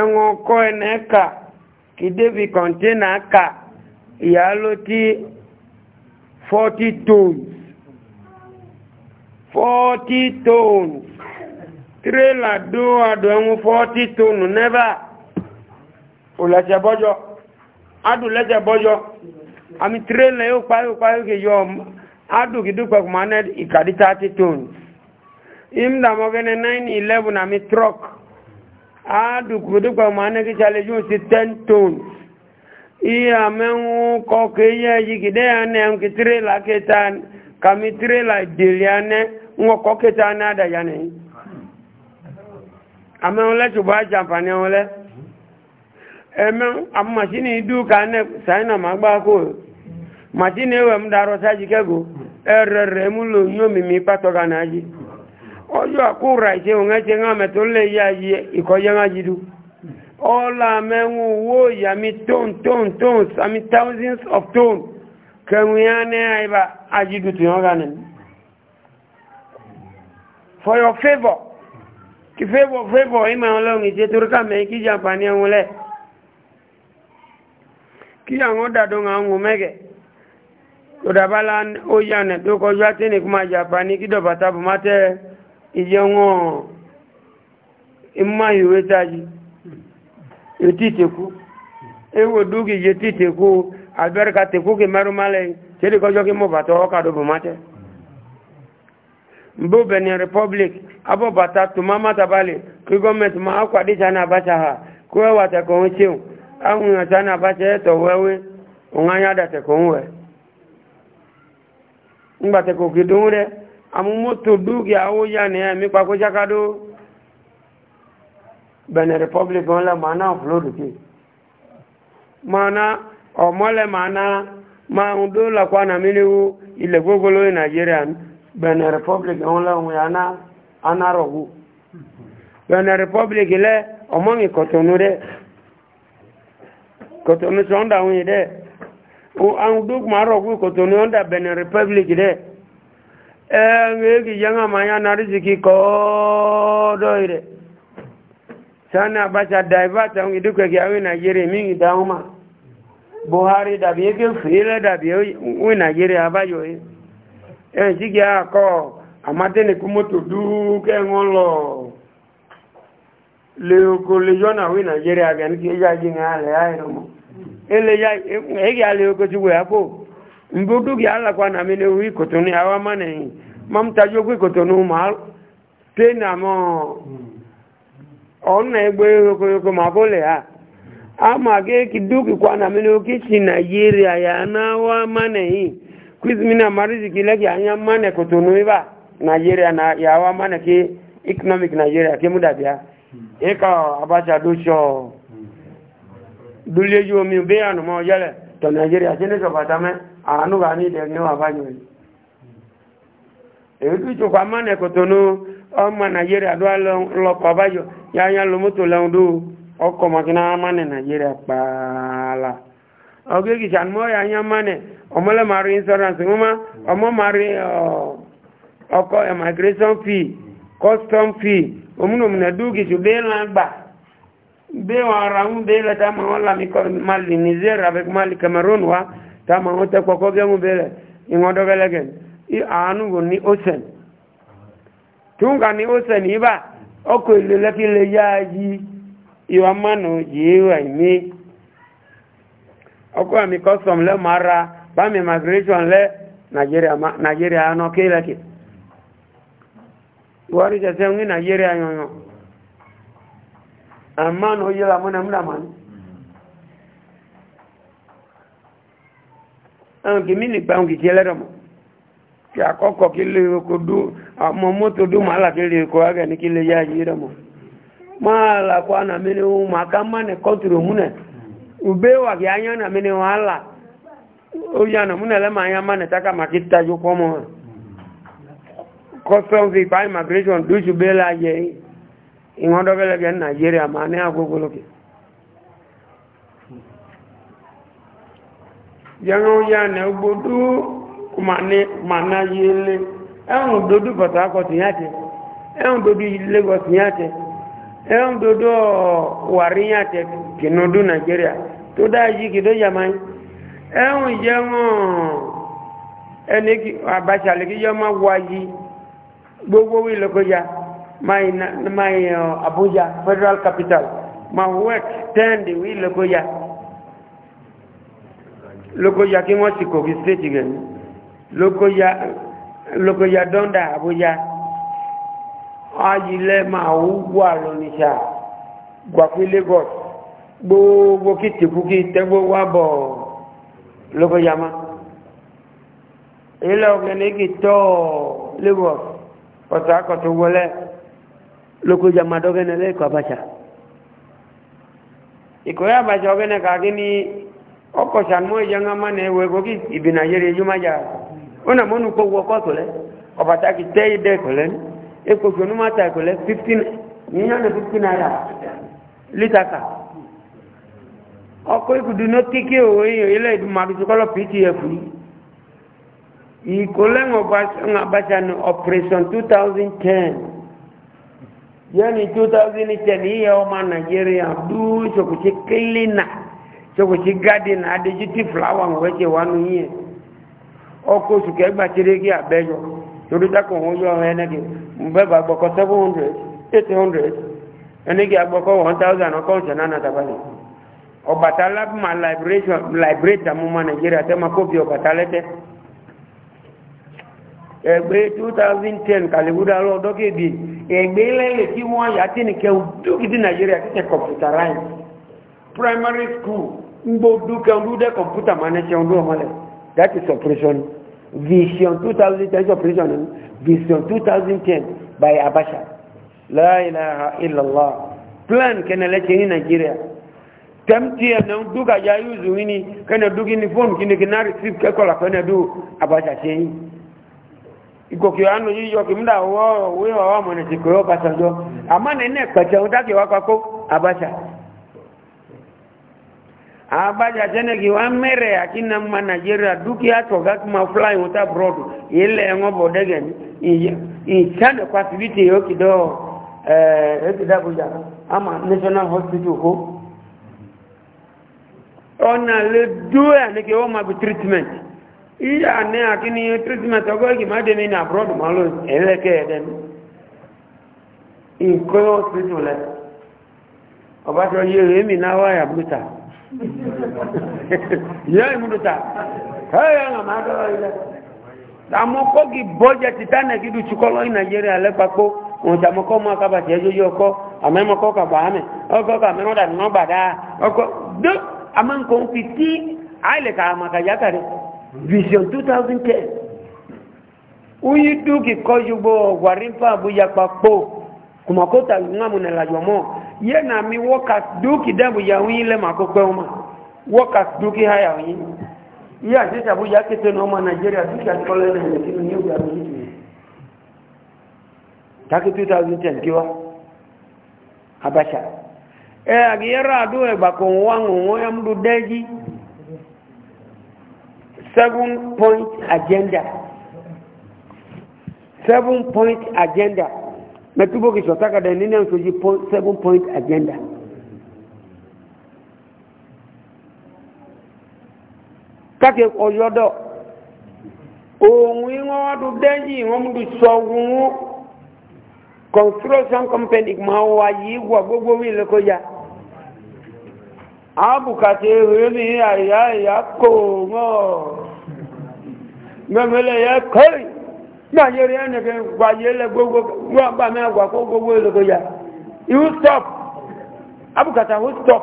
ẹ̀wọ̀n ọkọ̀ ẹ̀nà ẹ̀ka kìdébì kọ̀ǹtẹ́nà ẹ̀ka ìyá ló ti forty tons forty tons tírélà dó àdó ẹ̀wọ̀n forty tons nẹ́bà òlẹ̀jẹ̀ bọ́jọ́ adùlẹ̀jẹ̀ bọ́jọ́ àmì tírélà yóò pa yóò pa yóò kè yọ adùn kìdúpẹ̀ kùmánẹ́ ìkàdí thirty tons ìmdàmọ́gẹ́ni nine eleven àmì truck aadu kudukpa maana kichale juu si ten ton iya mengu koke iya jikide ane amkitire la ketan kamitire la diliane ngo koke tana ada yane ame ole tuba jampane ole eme am machine idu kane saina magba ko machine ewe mdaro saji kego erere mulo nyomi mi patoga naji ojo akura ise ong'eche ng'ame to le yaji ikoje ng'aji du ola meng'u woi ami ton ton ton ami thousands of ton kemuyane aiba aji du tuyoganen for your favor ki favor favor ima olong ise turka me ki japani ang'ule ki ang'o dado ng'ang'u mege todabala oyane tokojwa tini kuma japani kidopa tabu mate ìyẹ́ wọn ìmọ̀ ìwé táyì ìtìtẹ̀kú ewò dúkì yẹ tìtẹ̀kú àbẹ́rẹ́ka tẹ̀kú kí mẹ́rún tẹ́lẹ̀ kọjọ́ kí mọ̀ bàtọ̀ ọkàdọ̀ bò benin republic abọ́ bàtà tó má má tabalẹ̀ kí gọ́ọ̀mẹ̀tì má kwàdé abacha ha kó ẹwà tẹ̀kọ̀ ń ṣeun abacha ń amumoto dugi awo ya ni ẹ̀mí pàkó jákádó benin republic wọn ma mana upload ke mana ọmọlẹ mana ma ń dó lakọ anamíléwu ilẹ̀ gbogbo lórí nàìjíríà benin republic wọn ohun wọn yàrá anárọ̀gbó benin republic lẹ ọmọ mi kọtọnu dẹ sọ̀ndà yìí àwọn ọ̀ndà republic ewegi yanga manya na riziki ko doire sana bacha daivata ngi duke ki awi Nigeria mingi dauma Buhari da biye file da biye wi Nigeria abayo e sigi ako amate ne kumoto duke ngolo le ko le jona wi Nigeria gan ki ya jinga ale ayro mo ele ya ege ale ko ti we apo mbudu gi ala kwa na mene wi kotoni awa mane mam tajo gwi kotonu mal tena mo on na egbe ko ko ma bole ha ama ge kiduki kwa na mene ukichi na yiri ya na wa mane hi kwizmina marizi kile ki anya mane kotonu iba Nigeria na ya wa mane ki economic Nigeria ki muda bia eka abacha ducho hmm. dulye yo mi be anu mo yale to Nigeria jene so batame àánú wà ní ìdẹ̀ ní wọ́n báyìí rẹ̀ èyí tó jùkọ́ amánà ẹ̀kọ́tọ̀ ní ọmọ nàìjíríà ló lọ́pọ̀ báyọ̀ yáyá ló mọ́tò lẹ́hùn dó ọkọ̀ mọ̀kínà amánà nàìjíríà pààlà ọgẹ́gì sànmọ́ yáyá amánà ọmọlẹ́ máa rí insurance mọ́mọ́ ọmọ máa rí ọkọ̀ immigration fee custom fee òmùnàmùnà dúkìtù bẹ́ẹ̀ lágbà bẹ́ẹ̀ wọn ara ń bẹ́ẹ̀ lọ́tà máa wọ́n lámì kọ́ mali nigeria wa tama wọn tẹ kọkọ bí ẹmu i ìwọn dọbẹlẹgẹ àánú wò ní ocean túnkà ní ocean yìí bá ọkọ ìlú lẹkì lè yá yí ìwà mánu yìí wà ní ọkọ àmì custom lẹ máa ra bámi migration lẹ nàìjíríà àná kéèlẹkì wọ́n rí jẹ́ sẹ́wọ́n ní nàìjíríà yọ̀nyọ̀ àmánu yìí làmúnàmúnàmánú. àwọn kì mí nìgbà òun kìkì ẹlẹ́dọ̀ mọ́ kí àkọ́kọ́ kí lè oko dú àmọ́ mọ́tò dú màá là kí lè oko agẹ̀ ní kí lè yá yìí rẹ̀ mọ́ máa là kó àná mi ni òun màá ká má nẹ kọ́ntùrù mú nẹ ùbé wà kí ayé àná mi ni wọ́n á là ó yà nà mú nẹ lẹ́mọ̀ ayé má nẹ tákà màá kí tajú pọ́ mọ́ customs ipa immigration dúṣù bẹ́ẹ̀ la yẹ ìwọ́n dọ́bẹ̀lẹ̀ nàìjíríà màá ní àgbógbó lókè. yẹnu ya na gbodu mana yele ẹ̀hùn dodo port harcourt yẹn àti ẹ̀hùn dodo lagos yẹn àti ẹ̀hùn dodo wari yẹn àti kìnnìdú nàìjíríà tó dáa yìí kìdó yamai ẹ̀hùn yẹnu ẹni abacha lè kí yẹn máa wáyé gbogbo wílé kọjá my my uh, abuja federal capital my work ten the wílé lókóyá kí wọ́n ti kòrí stéètì rẹ̀ ní lókóyá dọ́ndà àbúyá ayílẹ̀ máa wú wà lóníṣà gbàfí lagos gbogbo kí tìkú kí tẹ́gbó wà bọ̀ lókóyá má ilẹ̀ ọ̀gẹ̀lẹ̀ kì tọ́ lagos ọ̀sán akọ̀tún wọlé lókóyá má dọ́gẹ́nẹ̀ lẹ́kọ̀ọ́ àbáṣà ìkọ̀yà àbáṣà ọ̀gẹ́nẹ̀ kàkí ní ọkọ̀ sàmúwẹ̀ jẹ́ ọmọ ẹ̀mọ́ ẹ̀wọ̀ ẹ̀gọ́gí ìbìnà ayẹ́rẹ́ ẹjú máa jà ó nà mọ́nu kó wọ ọkọ̀ tọ̀lẹ́ ọ̀pàtàkì tẹ́ ìdẹ́ ẹ̀kọ́lẹ́ ẹ̀kọ́ fún ọmọ ata ẹ̀kọ́lẹ́ fifteen yìí yàrá fifteen naira lítàkà ọkọ̀ ikùn yẹni 2010 yìí yẹ ọmọ nàìjíríà dúró ìṣòkòṣe kélé náà tsokosi garden adejiti flower ŋo wɛtsɛ wa nu yie ɔkò sukɛ gbatsereke abɛyɔ torí dako ŋo yɔ ɛnɛke mbɛ ba gbɔkɔ seven hundred eight hundred ɛnɛke agbɔkɔ one thousand ɔkɔnsɛ nana tabali ɔbatala ma liberation liberator mu ma nigeria tɛ ma kóbi ɔbatala tɛ ɛgbɛ two thousand ten kalibuda lɔ dɔkebi ɛgbɛ lɛ lɛ ti mu ayati ni kɛ o dókiti nigeria kisɛ computerized primary school ngbo du kan du de computer management do male that is operation vision 2010 operation vision 2010 by abasha la ilaha illa allah plan kana la chini nigeria tamtia na duka ya yuzu wini kana duki ni phone kini kina receive ka kola kana du abasha chini iko kiano yiyo kimda wo wewe wa mwana sikoyo pasajo amana ne kwa cha utaki wako abasha abaja tena kiwa mere akina mma Nigeria duki ato gakuma fly uta broad ile ngobo dege ni ichane kwa sibiti yo kido eh eti dabu ama national hospital ko ona le dua ne ke o ma bi treatment iya ne akini treatment ogo ki ma de ni na broad malo eleke den in ko hospital le obajo ye mi na wa ya buta yẹ́ ìmúdùta ẹ̀yẹ́ ọ̀nà máa dọ́rọ̀ ilẹ̀ àmọ́kọ́gì bọ́jẹ̀tì tánẹ̀kì dù chukọ́lọ́ ní nàìjíríà lẹ́pàpọ̀ òun tàmọ́kọ́ mọ́ akábàjẹ́ yóyó ọkọ́ àmẹ́mọ́kọ́ kàbà ámẹ́ ọkọ́ kàmẹ́mọ́dà nọ́bàdá ọkọ́ dó àmọ́kọ́ fi tí àìlẹ̀kà àmàkàyákàrẹ́ vision 2010 uyi dúkì kọ́ yugbo ọ̀gbàrí fún àbúyà papọ̀ kùmọ̀kọ́ta yana mi wọ́kàtí dúkì dẹ́bù yàwó yí lẹ́mà kó pẹ́ ọmọ wọ́kàtí dúkì ha yàwó yí yí àṣẹ́ṣẹ́ àbújá kéte ní ọmọ nàìjíríà dúkì àtìkọ́lẹ̀ nàìjíríà kí ni yóò gbà mí jù tákì 2010 kí wá abáṣà ẹ àgìyẹ́rọ àdó ẹ̀gbà kò ń wá òun ẹ̀ ń lu dẹ́jí seven point agenda seven point agenda metubo kishotaka da nini ansoji seven point agenda kake oyodo ohun iwọn wadu dẹ́yì wọn mú sọ wọn construction company ma wà yìí wà gbogbo wí lẹ́kọ́ ya àbùkàtà èrè ní àyà ìyá kò mọ́ mẹ́mẹ́lẹ̀ yẹ kọ́rì gbàyẹrẹ ẹnìkẹ gbàyẹlẹ gbogbo gbàgbà mẹ́wàá kó ya èlòkò yà ihu stop abùkàtà ihu stop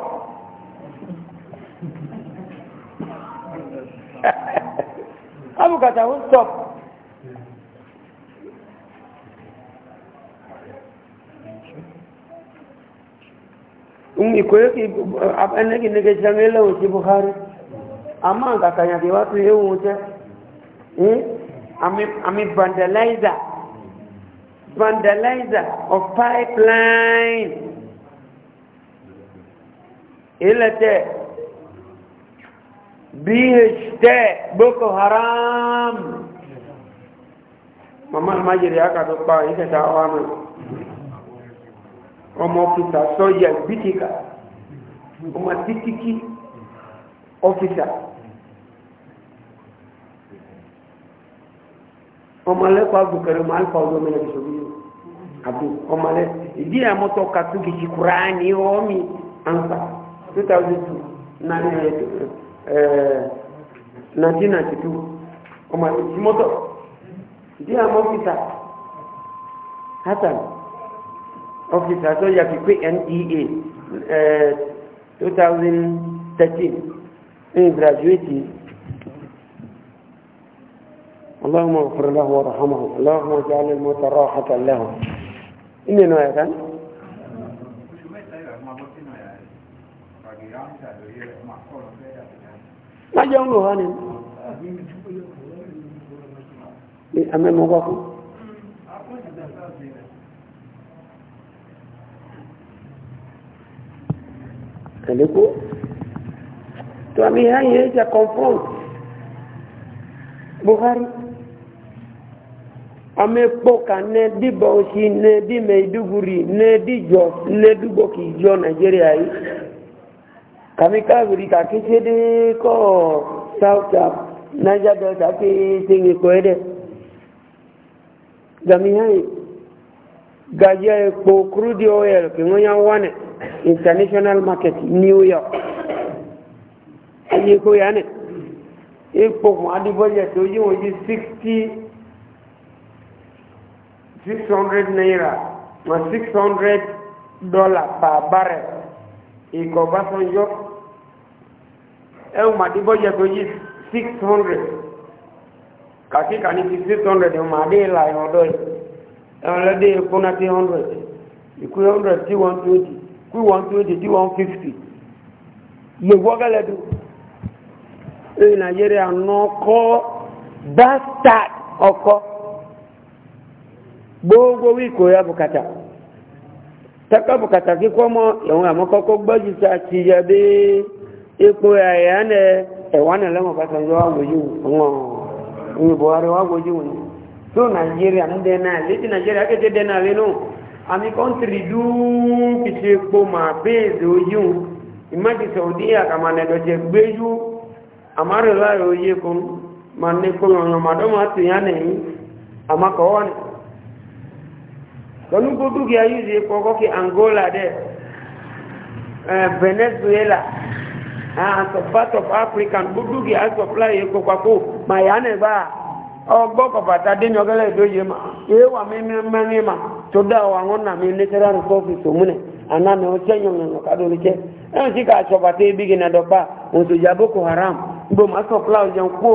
abùkàtà ihu stop buhari a máa ń àmì vandalizer vandalizer of pipeline ilẹ̀tẹ̀ bht boko haram mama almajiri aka tó pa ìkẹta ọmọ ọmọ ọfíìsà sọ́yà bíkíkà ọmọ títí kí ọmọlẹ́kọ̀ọ́ agbókẹ̀rẹ̀ máa ń fa ọdún mẹ́rin ìṣòro yìí àbò eh, eh, ọmọlẹ́ ìdí àmọ́tọ́ kàtó kìkì kura ní ọ́ọ́mì ansa 2002 1992 ọmọ ìmọ́tọ́ ìdí àmọ́ ọ́fíìsà hatan ọ́fíìsà tó yà fi pé NEA 2013 eh, ní graduate اللهم اغفر له وارحمه اللهم اجعل الموت راحة له إني نوعي كان ما جاءوا له هاني أمام مباكم Kaliku, tu ami hai ye confront Bukhari amekpoka ne di bauchi ne di maiduguri ne di jos ne di gboki jo nigeria yi kàmi káàbìrì kàkí sédé kọ́ south af niger delta kí sèǹgì kọ́ ẹ́ dẹ̀ gàmíhàn gàjẹ́ epo crude oil kí wọ́n international market new york ayé kó yánẹ̀ epo mọ́ adébọ́jẹ̀ tó yí sixty. 600 naira or 600 dollar per barrel ìkọ̀ bá san yọ ẹ̀hùn màdìbọ́jẹ̀ tó yí 600 kàkíkà ní ti 600 ẹ̀hùn màdé ìlà ọ̀dọ́ ẹ̀hùn lẹ́dẹ̀ epo náà tí 100 ìkú 100 tí 120 kú 120 tí 150 lè wọ́gẹ́lẹ́dù ní nàìjíríà náà kọ́ bastard ọkọ̀ gbogbo wíìkò ya bùkátà taka bùkátà kíkọ́ mọ́ ẹ̀wọ̀n àmọ́kọ́kọ́ gbọ́jú sa ti yẹ bí ipò ẹ̀yà ń ẹ̀wọ̀n náà lẹ́wọ̀n bàtà ń yọ wá wòye wọn ìyẹn buhari wá wòye wọn tó nàìjíríà ń dẹ́nà létí nàìjíríà kété dẹ́nà lẹ́nu àmì kọ́ńtìrì dúú kìtì epo mà bẹ́ẹ̀dẹ̀ oyé wọn ìmájì sọ̀dí àkàmàlẹ́dọ̀jẹ̀ gbéyú àmárìláyọ̀ oyé kan mà ní kọ́ńtìrì ọ̀nà màdọ́mà tìyàn nìyí àmàkọ́wọ́ nìyí pẹ̀lú dúkìá yìí ṣe kọ́kọ́ kí angola dẹ̀ venezuela and some part of africa dúkìá supply epo papò mayane bá ọgbọ́ kọ̀bàtà dẹ́ni ọgẹ́lẹ́ ìdóye ma èé wà mí mẹ́rin ma tó dá ọ àwọn nà mí lẹ́tẹ̀rẹ́ àrùkọ́fì tòmúnẹ̀ ànámi ọ̀ṣẹ́ yọ̀nyọ̀nyọ̀ kádó ní jẹ́ ẹ̀rùn sí ká sọ̀bàtà ebi gẹ̀ nàdọ̀pá òṣèjà boko haram gbọ́ ma supply ọ̀jẹ̀ ń kó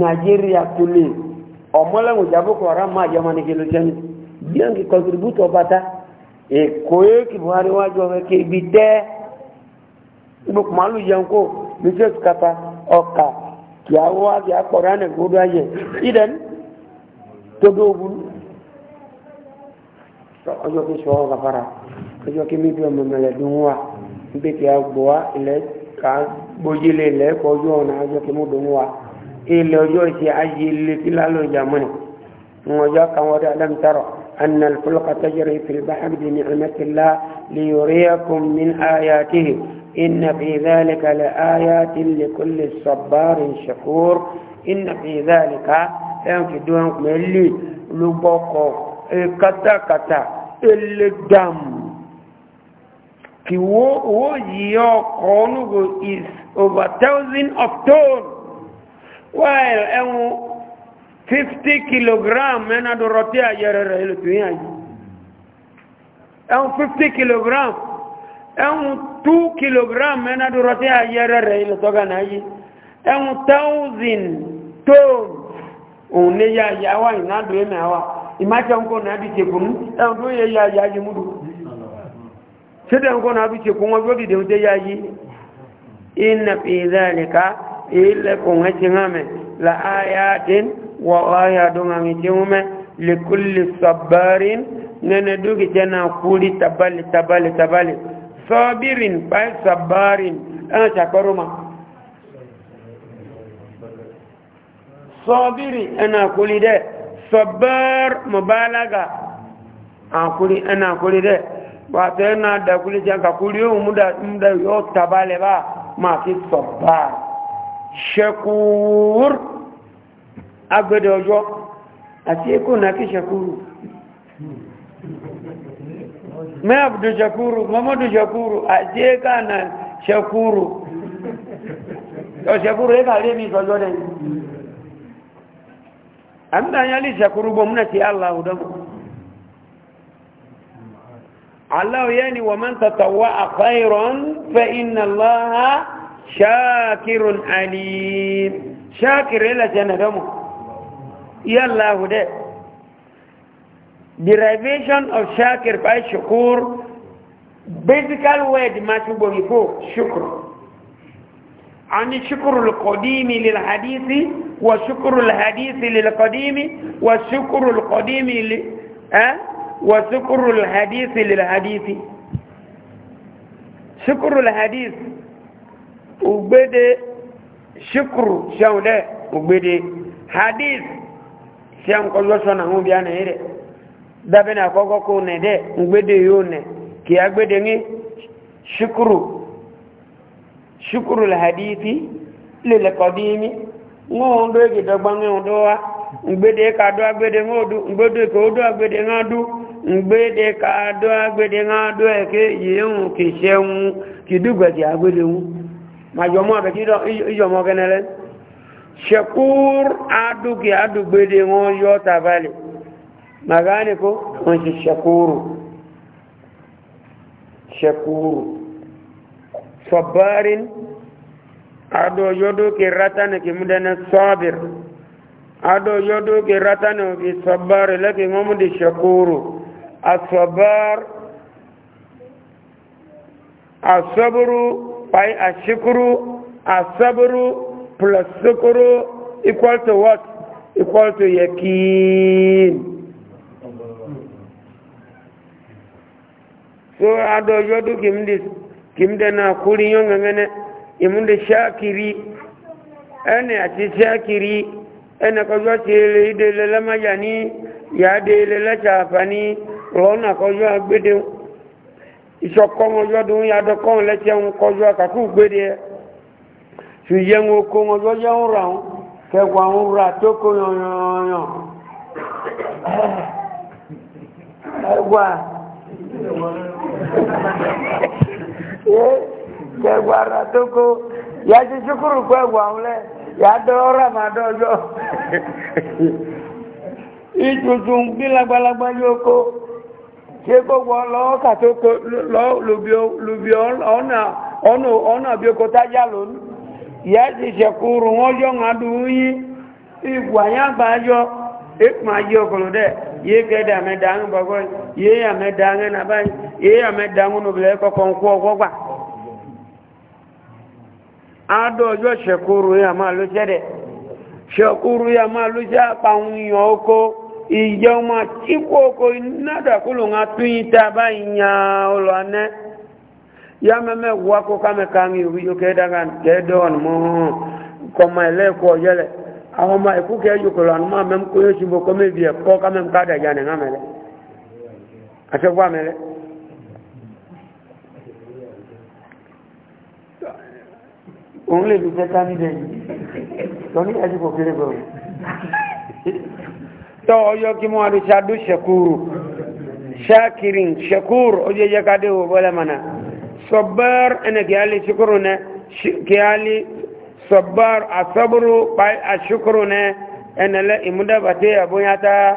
nàìjíríà tó lè ọ̀mọ́lẹ́wọ̀n ìjà boko haram máa jẹ́ ọmọ nìkẹ́ jẹ́ nìkẹ́ bianki contributor bata ekoye ki buhari wájú ọmọ ẹkẹ ibi tẹ gbogbo màálù yẹn kó mrs kapa ọkà kìáwó àbí akpọ̀rọ̀ ànà gbódò ayẹ ìdẹ́n tó dó ogun ọjọ́ kí sọ ọ́ kàfàrà ọjọ́ kí mi bí ọmọ mẹlẹ̀ dùn wá níbi kí a gbọ́ wa ilẹ̀ ká gbójú lé ilẹ̀ kọ́ ọjọ́ ọ̀nà ọjọ́ kí mo dùn wá ilẹ̀ ọjọ́ ìṣe ayé lé kí lálọ́ ìjà mọ́ni ọjọ́ kàwọn ọdẹ alẹ́ mi أن الفلق تجري في البحر بنعمة الله ليريكم من آياته إن في ذلك لآيات لكل صبار شكور إن في ذلك ينفدون ملي لبقى كتا كتا الدم كي wo yiyo konugo is over thousand of ton while ẹ̀wọ̀n fifty kilogram ẹna dọrọtí ayẹrẹ rẹ lótú yẹn ayé ẹn fifty kilogram ẹn e two kilogram ẹna dọrọtí ayẹrẹ rẹ lótú gana ayé ẹn thousand tóun ne awa ìná dùn ẹmẹ awa ìmájà ńkọ náà bí tẹkùn ẹn tó la wallahi adunga ngijume likulli sabarin nene dugi jana kuli tabali tabali tabali sabirin bai sabarin ana chakoruma sabiri ana kuli de sabar mubalaga an kuli ana kuli de wato yana da kuli janka kuli shakur agbẹ́dẹ ọjọ́ àti ekó na kí ṣakúrù mẹ́àbùdó ṣakúrù mọ́mọ́dó ṣakúrù àti ẹ́kà na ṣakúrù ọ̀ṣakúrù ẹ́kà lè ní ìfọ́jọ́ dẹ̀ àmìta ya lè ṣakúrù bọ́ múnà sí aláwọ̀ dánwò aláwọ̀ yẹ́ ni wọ́n يلا هدى derivation of shakir by shukur basically word ما تبغيكو شكر عن الشكر القديم للحديث وشكر الحديث للقديم وشكر القديم ل... أه؟ وشكر الحديث للحديث شكر الحديث وبدي شكر شوده وبدي حديث si am ko lọsọ na hun bi ana ire dabe na koko ko ne de ngbede yo ne ki agbede ni shukru shukru lhadithi lil qadim ngo ndo ki to gbang ngo do wa ngbede ka do agbede ngo du ngbede ko do agbede ngo du ngbede ka do agbede ngo du e ki yin ki shem ki dugba ti agbede mu majo mo be ki do ijo mo kenele shakur aduki adugbede wọn yọ tabali magani ko wọn ṣe shakuru shakuru sabarin ado yodoki ratani ki mudana sabir ado yodoki ratani ki sabari laki mumudi shakuru asabar asaburu pai ashikuru asaburu plus sokoro equal to what? Equal to yakin. So ado yodu kimde kimde na kuri yonga ngene imunde shakiri ene ati shakiri ene kojo chele idele la majani ya dele la chafani lona kojo agbede isokon yodu ya dokon leche un kojo akaku gbede fi yẹn wọn kó wọn lọ́jọ́ ń ra wọn kẹwàá ń ra tó kó yanyanyan ẹwà kẹwàá ra tó kó yà ti ṣukuru kó ẹwà wọn lẹ yà dọ ọrọ àmàdọ ọjọ ìtùtùn bí lagbalagba yóò kó ṣé gbogbo ọlọ́ọ̀kà tó kó lọ́ọ́ lóbi ọ̀nà bí okòtá yà lónìí. ya ti ṣẹ̀kúrù wọ́n yọ́ ń adúrú yí ìgbà yàgbà yọ ìpùn ayé ọkùnrin dẹ̀ yé gẹ́dẹ̀ àmẹ́dà ń bọ̀gọ́ yé àmẹ́dà ń ẹ̀nà báyìí yé àmẹ́dà ń nùbìlẹ̀ kọ́kọ́ ń kú ọkọ́ gbà yà máa ló yà máa ló ya meme wako kame kangi uyo keda kan kedo no mo koma ele ko yele awo ma ku ke yu ko lan ma mem ko yoshi bo kome bi ko kame ka da jane ngamele ate kwa mele onle bi te kani de toni aji ko kire go to oyo ki mo adu shadu shakuru shakirin shakur oje yakade wo bole mana صبر انا قالي شكرنا قالي صبر الصبر الشكرنا انا لا امدا بتي ابو ياتا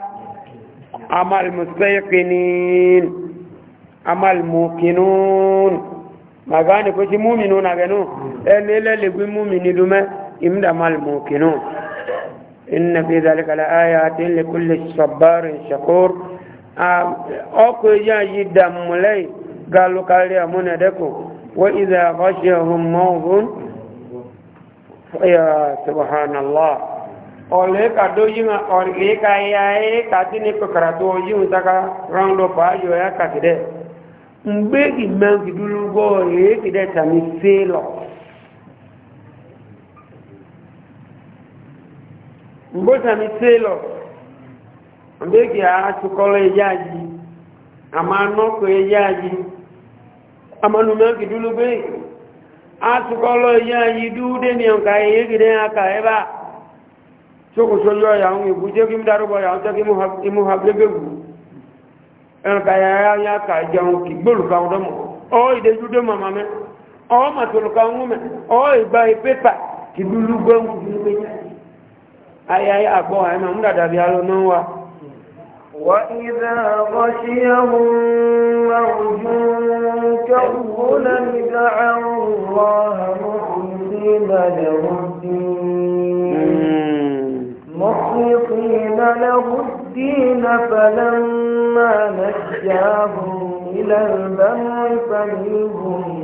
اما المستيقنين اما الموقنون ما غاني كوشي مؤمنون اغنو ان لا لغي مؤمن دوما امدا مال موقنون ان في ذلك لآيات لكل صبار شكور أكو جاجي دم لي قالوا قال لي أمون دكو وإذا غشيهم موض يا سبحان الله oleh kado jinga oleh kayae kati ni ko karato jinga taka rando pa yo ya kakide mbe ki men ki dulu go e ki de tami selo mbo mbe a ama no ko amalumɛ kidulu be asukɔlɔ yi anyi du deni ye eye gidi aka ebe ba sokoso yɔ yan ibu jɛki mu darubɔ yan jɛki ọ habilebe gu nka yɛ aya ka e jɛun kigbolu kan dɔ mɔ ɔ ideju mama e pepa kidulu gbɛngu ya ayi ma mu dada bi alo n'o وإذا غشيهم موج كالظلم دعوا الله مخلصين له الدين مخلصين له الدين فلما نجاهم إلى البر فمنهم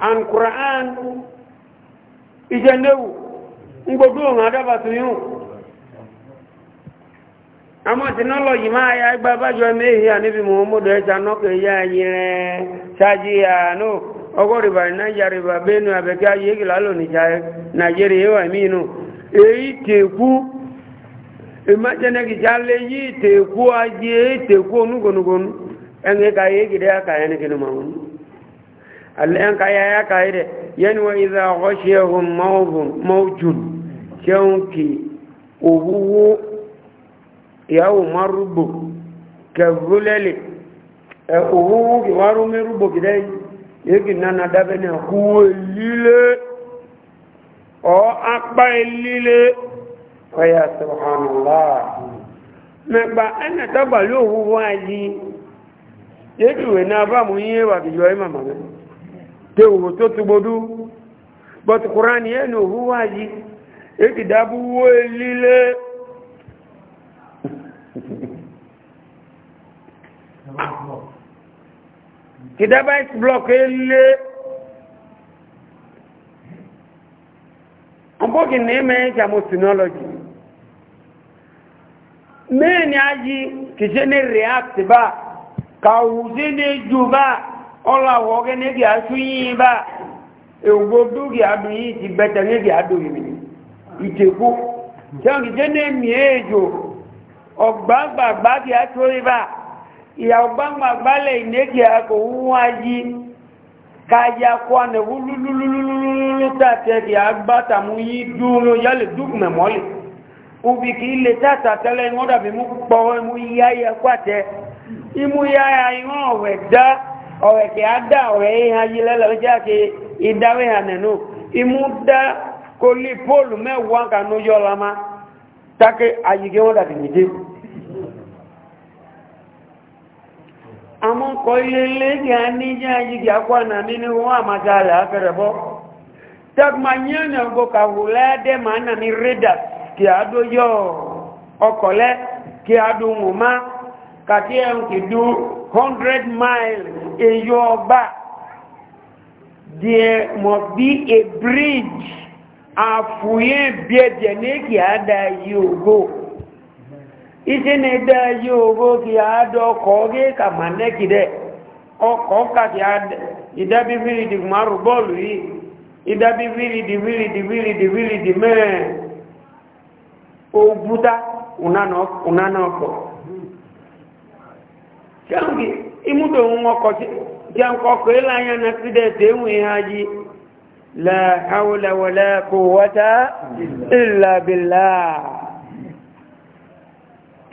and quran ije newu ohun adábàtú yìí àmọ́ tìnọ́lọ́yì ma ya igba bájọ méhì àníbi muhammadu ẹja e nọ́kẹ̀ e ya yẹn ṣáájú àánú ọgọ́rìbà nàíjàrìbà bẹ́ẹ̀nu àbẹ̀kẹ́ ayé kìlá lónìí nàìjíríà ìwà mí inú èyí tèkú ìmájẹ́nẹ́gìjá lé yí tèkú al'an kaya ya kayi da yanwa iza washehun maujun kyanki ohuhu yawo marubo kevulele ohuhu kiwaru merubo gidai yake nana dabe na kuwa lile o akpa lile kwaya subhanallah mẹgbà ẹnà tábà lóòwúwá yìí yéjúwẹ̀ náà bá mú yíyẹ́ wà kìí yọ ẹ́ màmá mẹ́rin tewuro tó tubodu bọ́tù kúránì ẹnu òhúwà yìí èkìdábúwó lílé kìdábá ìsìblọ́kì lílé ọgbọ́gì ní mẹ́ ìjàmù sinọ́lọ́jì mẹ́ni ayí kìí ṣe ní react bá kàwùzí ní jù bá ọláwọ̀ ọgẹ́ níbi àtúnyìn bá èwò dúgì àdùn yìí ti bẹ̀tẹ̀ níbi àdùn ìmìnì ìtẹ̀kú jẹ́ǹkì jẹ́ ní èmì èjò ọgbàgbàgbà bí a tó rí bá ìyà ọgbàgbàgbà lè níbi àkò wúwá yí káyà kó ànẹ̀wú lúlúlúlúlú tàtẹ́ kì á gbá tàmú yí dúró yálè dúgbẹ̀mọ́lẹ̀ ubi kì í lè tàtà tẹ́lẹ̀ ìwọ́n dàbí mú pọ̀ imú yáyà pàtẹ́ imú ọ̀rẹ̀ kì á dá ọ̀rẹ́ ìhàjí lẹ́lẹ̀ jẹ́ àti ìdáwé ànẹ̀nù imú dá kò lè póòlù mẹ́wàá kanú yọ́ lama tákẹ́ ayìgé wọ́n dàbí nìdé àmọ́ kọ ilé lẹ́gì á ní jẹ́ ayìgé akọ́ ànàmí ní wọ́n àmàta dó yọ ọkọ̀lẹ́ kì á dó wùn máa kàtí ẹ̀rùn kì dú 100 miles your back, there must be a bridge àfúyé bí ẹ̀jẹ̀ ní kì á dá yí ògbó iṣẹ́ ní dá yí ògbó kì á dọ́ ọkọ̀ gé kàmà nẹ́kìdẹ̀ ọkọ̀ kàtí ìdábíbírìdì márùn bọ́ọ̀lù yìí ìdábíbírìdì bírìdì bírìdì bírìdì mẹ́rin ògbúta ònánà ọkọ̀ sẹ́wọ̀n imúdò ń ọkọ̀ jẹun ọkọ̀ ìlànà nàfídẹ̀ẹ́tẹ̀ ìwò ìhájí láàáwọ̀lẹ̀wọ̀lẹ̀ kò wọ́ta ìlàbìlà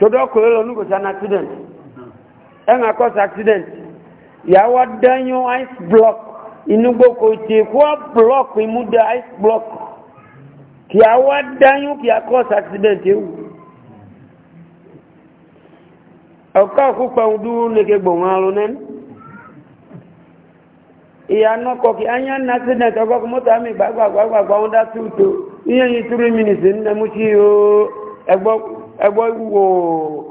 tọ́dọ́kọ̀ ìlọ nígbòsá accident ẹ̀nà cause accident yàwó dẹ́yún ice block inúgbòkò tí kó block imúdò ice block kí a wá dẹ́yún kí a cause accident ewu ọ̀ká òkúpa ọdún n'eke anya na accident ọgọ́gọ́ mọ́ta mi gbàgbàgbàgbà ọdá tútó ihe yìí three minutes ní ẹmú tí ó ẹgbọ́ ìwò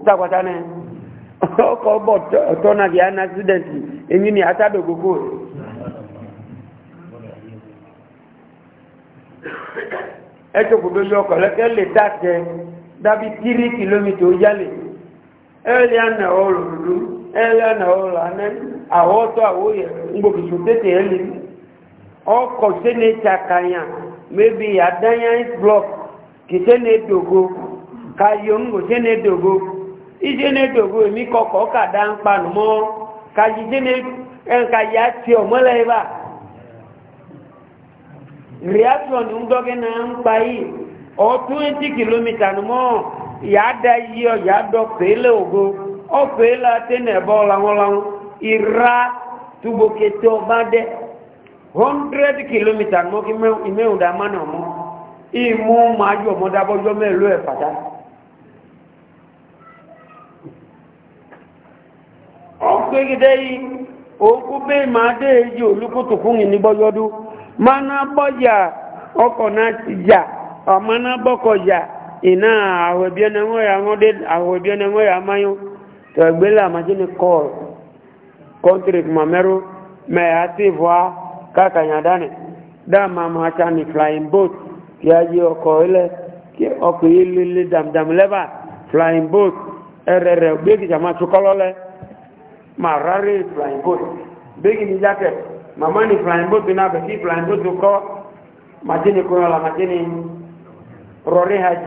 dàgbàtà ní ọkọ̀ ọbọ̀ tọ́nà kì án accident èyí ni àtàdò lè ẹlẹ́yà e, na ọ̀rọ̀ lòlú ẹlẹ́yà náà ọ̀rọ̀ anẹ́ àwọn ọ̀tọ́ àwòyẹ tètè ẹ̀lẹ́ ọkọ̀ sẹ́nẹ̀tà kanya mẹ́bí àdáyà block kì sẹ́nẹ̀dògo kayo ńgò sẹ́nẹ̀dògo ìsẹ́nẹ̀dògo èmi kọkọ̀ kàdá ń pa nùmọ́ kàyí sẹ́nẹ̀ ẹ̀ǹkàyà tí ọ̀mọ́lẹ̀ bá reaction ń dọ́gẹ́ náà ń pa yìí ọ̀ 20 kìlómítà nùmọ́ yàda e yi ọ yàdọ fèlè ògo ọ fèlè atẹnẹ bọ làwọlàwọ ìra tubokete ọba dẹ hundred kilometre mọ kí mẹwùn dá má nà mọ ìmú máa jọ ọmọ dábọjọ mẹlú ẹ pàtà. ọgbẹgidẹ yìí òkú bẹẹ máa dé èyí olùkùtù fún yìí ọkọ na ti ọmọ bọkọ iná àwọ̀ ẹbí ẹni wọ́n yà wọ́n dé àwọ̀ ẹbí ẹni wọ́n yà máyó tó ẹgbẹ́ là máa jẹ́ ní kọ́ọ̀l kọ́ntìrì mọ̀mẹ́rú ìfọ́á káàkànyà dání dáàmà máa ta ní flying boat kí a yí ọkọ̀ ilẹ̀ kí ọkọ̀ yìí lílé dàmdàm lẹ́bà flying boat ẹ̀rẹ̀ rẹ̀ gbégi jàmá tukọ́lọ́ lẹ́ máa rárí flying boat gbégi ní jákẹ́ màmá ní flying boat náà bẹ̀ kí flying boat kọ́ màjẹ́ni kúrọ̀lá màjẹ́ni rọrí hajj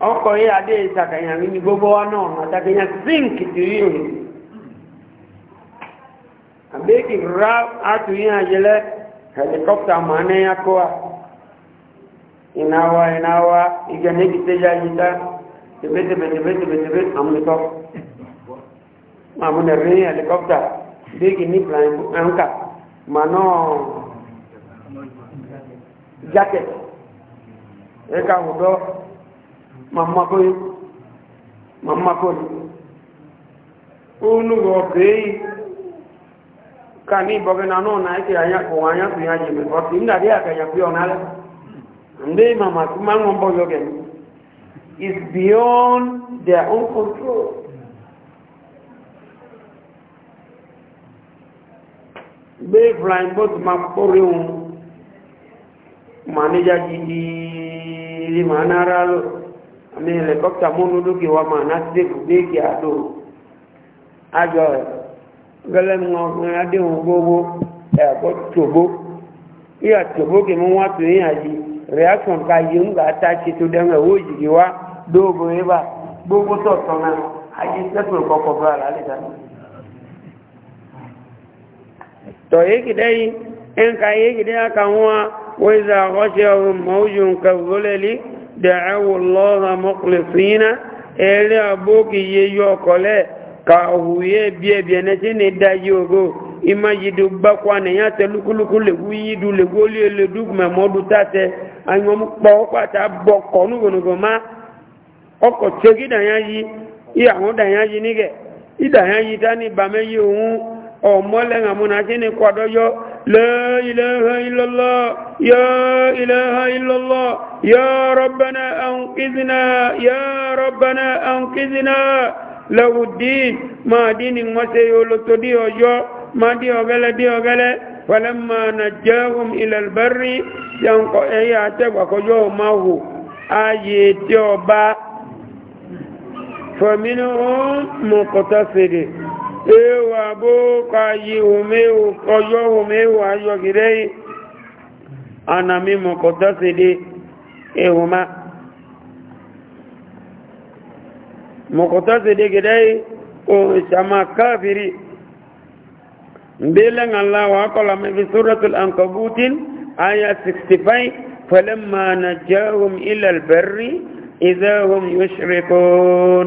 ọkọ̀ yí adé ìsàkàyàn ní gbogbo wa náà àtàkìyàn zinc ti rí òun àbẹ́kì rá àtúyìn àjẹlẹ́ helicopter ma ní akọ́wà ìnáwà ìnáwà ìgẹ̀nẹ́gì tẹ́jà yíta tẹ́bẹ́tẹ́bẹ́tẹ́bẹ́tẹ́bẹ́ àmúlẹ́tọ́ ma mú nẹ̀ rí helicopter bẹ́ẹ̀kì ní planka ma náà jacket ẹ̀ka ọ̀dọ́ Mama koy mamma koy unu go kani boge na no na ke anya ko anya ku anya me ko tinda dia ka ya pio nale nde mama kuma ngombo yoge is beyond their own control gbé flying boat ma kórè òun màníjà jìdí rí màá nára lọ àmì helicopter múnú dókè wa ma ná sèkù déèkì àdó àjọ ẹ̀ gẹ́lẹ́mú ọkùnrin adéhùn gbogbo ẹ̀kọ́ tòbó yíyà tòbó kì mú wá tó yíyà ka yìí ń gbà tá a ṣe tó dẹ́nu ẹ̀wọ́ wa yìí bá gbogbo náà ayé sẹ́kùn bá a lálẹ́ dáná. tọ̀ yìí kìdẹ́ yìí ẹ̀ǹkà yìí kìdẹ́ àkàwọn wa wọ́n ìzà àkọ́ṣe ọ̀hún dalfna elbụ giyi i ọkọle ka ou ye bi bie nachiai ogo ịmajiubakwa na enye ate luwoluo l yi dulgwu oluluaọbụtata anyacha no ma ọkọchio wụaai naịdayajitanba mi w ọmolea mụ na chikwaoo لا إله إلا الله يا إله إلا الله يا ربنا أنقذنا يا ربنا أنقذنا له الدين ما دين وسيو لتدي وجو ما دي وغلا دي وغلا فلما نجاهم إلى البر ينقو إياتك وكجو ما هو توبا فمنهم مقتصدين ewu abụọ yi umewu ọjọ umewu ayọgide anami mọkọtọsede ewuma mọkọtọsede gide ohun sama kafiri mbele ngala wa akọla mafi suratul ankabutin aya 65 falamma najahum ila albarri idahum yushrikun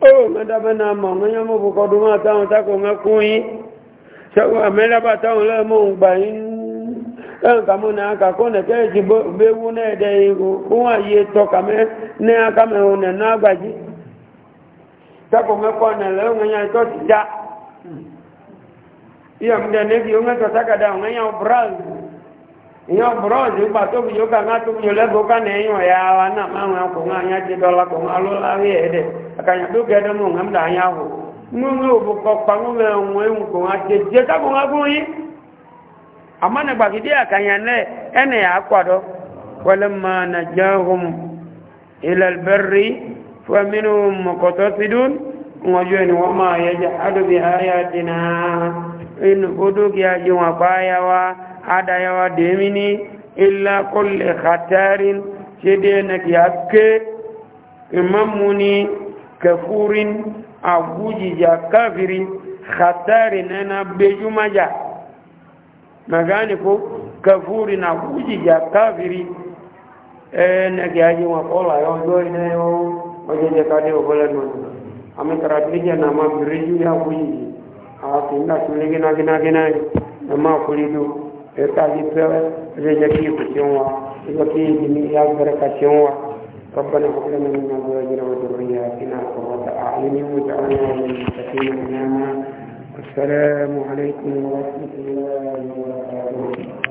o mẹ́tàbẹ́ náà mọ̀ ní yọ́mọ́ fòkọ́dún máa táwọn tákò ń kún yí ṣẹ́gun àmẹ́lábà táwọn lẹ́mọ̀ ń gbà yí ẹ̀rùn kàmọ́ náà kàkọ́ nẹ̀kẹ́ ìjì gbéwú náà ẹ̀dẹ̀ ihò fún àyè tọkàmẹ́ ní akámẹ́hùn nẹ̀ náà gbàjí tákò mẹ́kọ́ nẹ̀ lẹ́rùn ẹ̀yà ìtọ́ ti já iyọ̀mdẹ̀ níbi ó mẹ́tọ̀ sákàdá ọ̀rẹ́yà brazil iyo bronze uba to bi yoga na to yo lebo ka ne yo ya wa na ma ma ko nga nya ti dola ko nga lo la wi ede aka nya do gede mo ngam da nya ho nu nu bu ko pa nu me nwe mu ko nga je je ta ko nga ko yi amma na ba gidi aka nya ne ene ya kwado walamma najahum ila albarri fa minhum muqtasidun ngojeni wa ma yajhadu bi ayatina in hudu ya jumwa bayawa adayawa demini illa kulli khatarin shede na yakke imamuni kafurin aguji ya kafiri khatarin e, na bejuma ja magani ko kafurin aguji ya kafiri eh na kiaji wa kola yo joy na yo ojeje kade obola no amekarabirija na mabiriju ya kuji akinda tuligina gina gina na makuli do يتعلي بيوه رجاكي كسيوا يوكي جميع البركة سيوا ربنا هب لنا من ازواجنا وذرياتنا قرة اعين واجعلنا للمتقين اماما السلام عليكم ورحمة الله وبركاته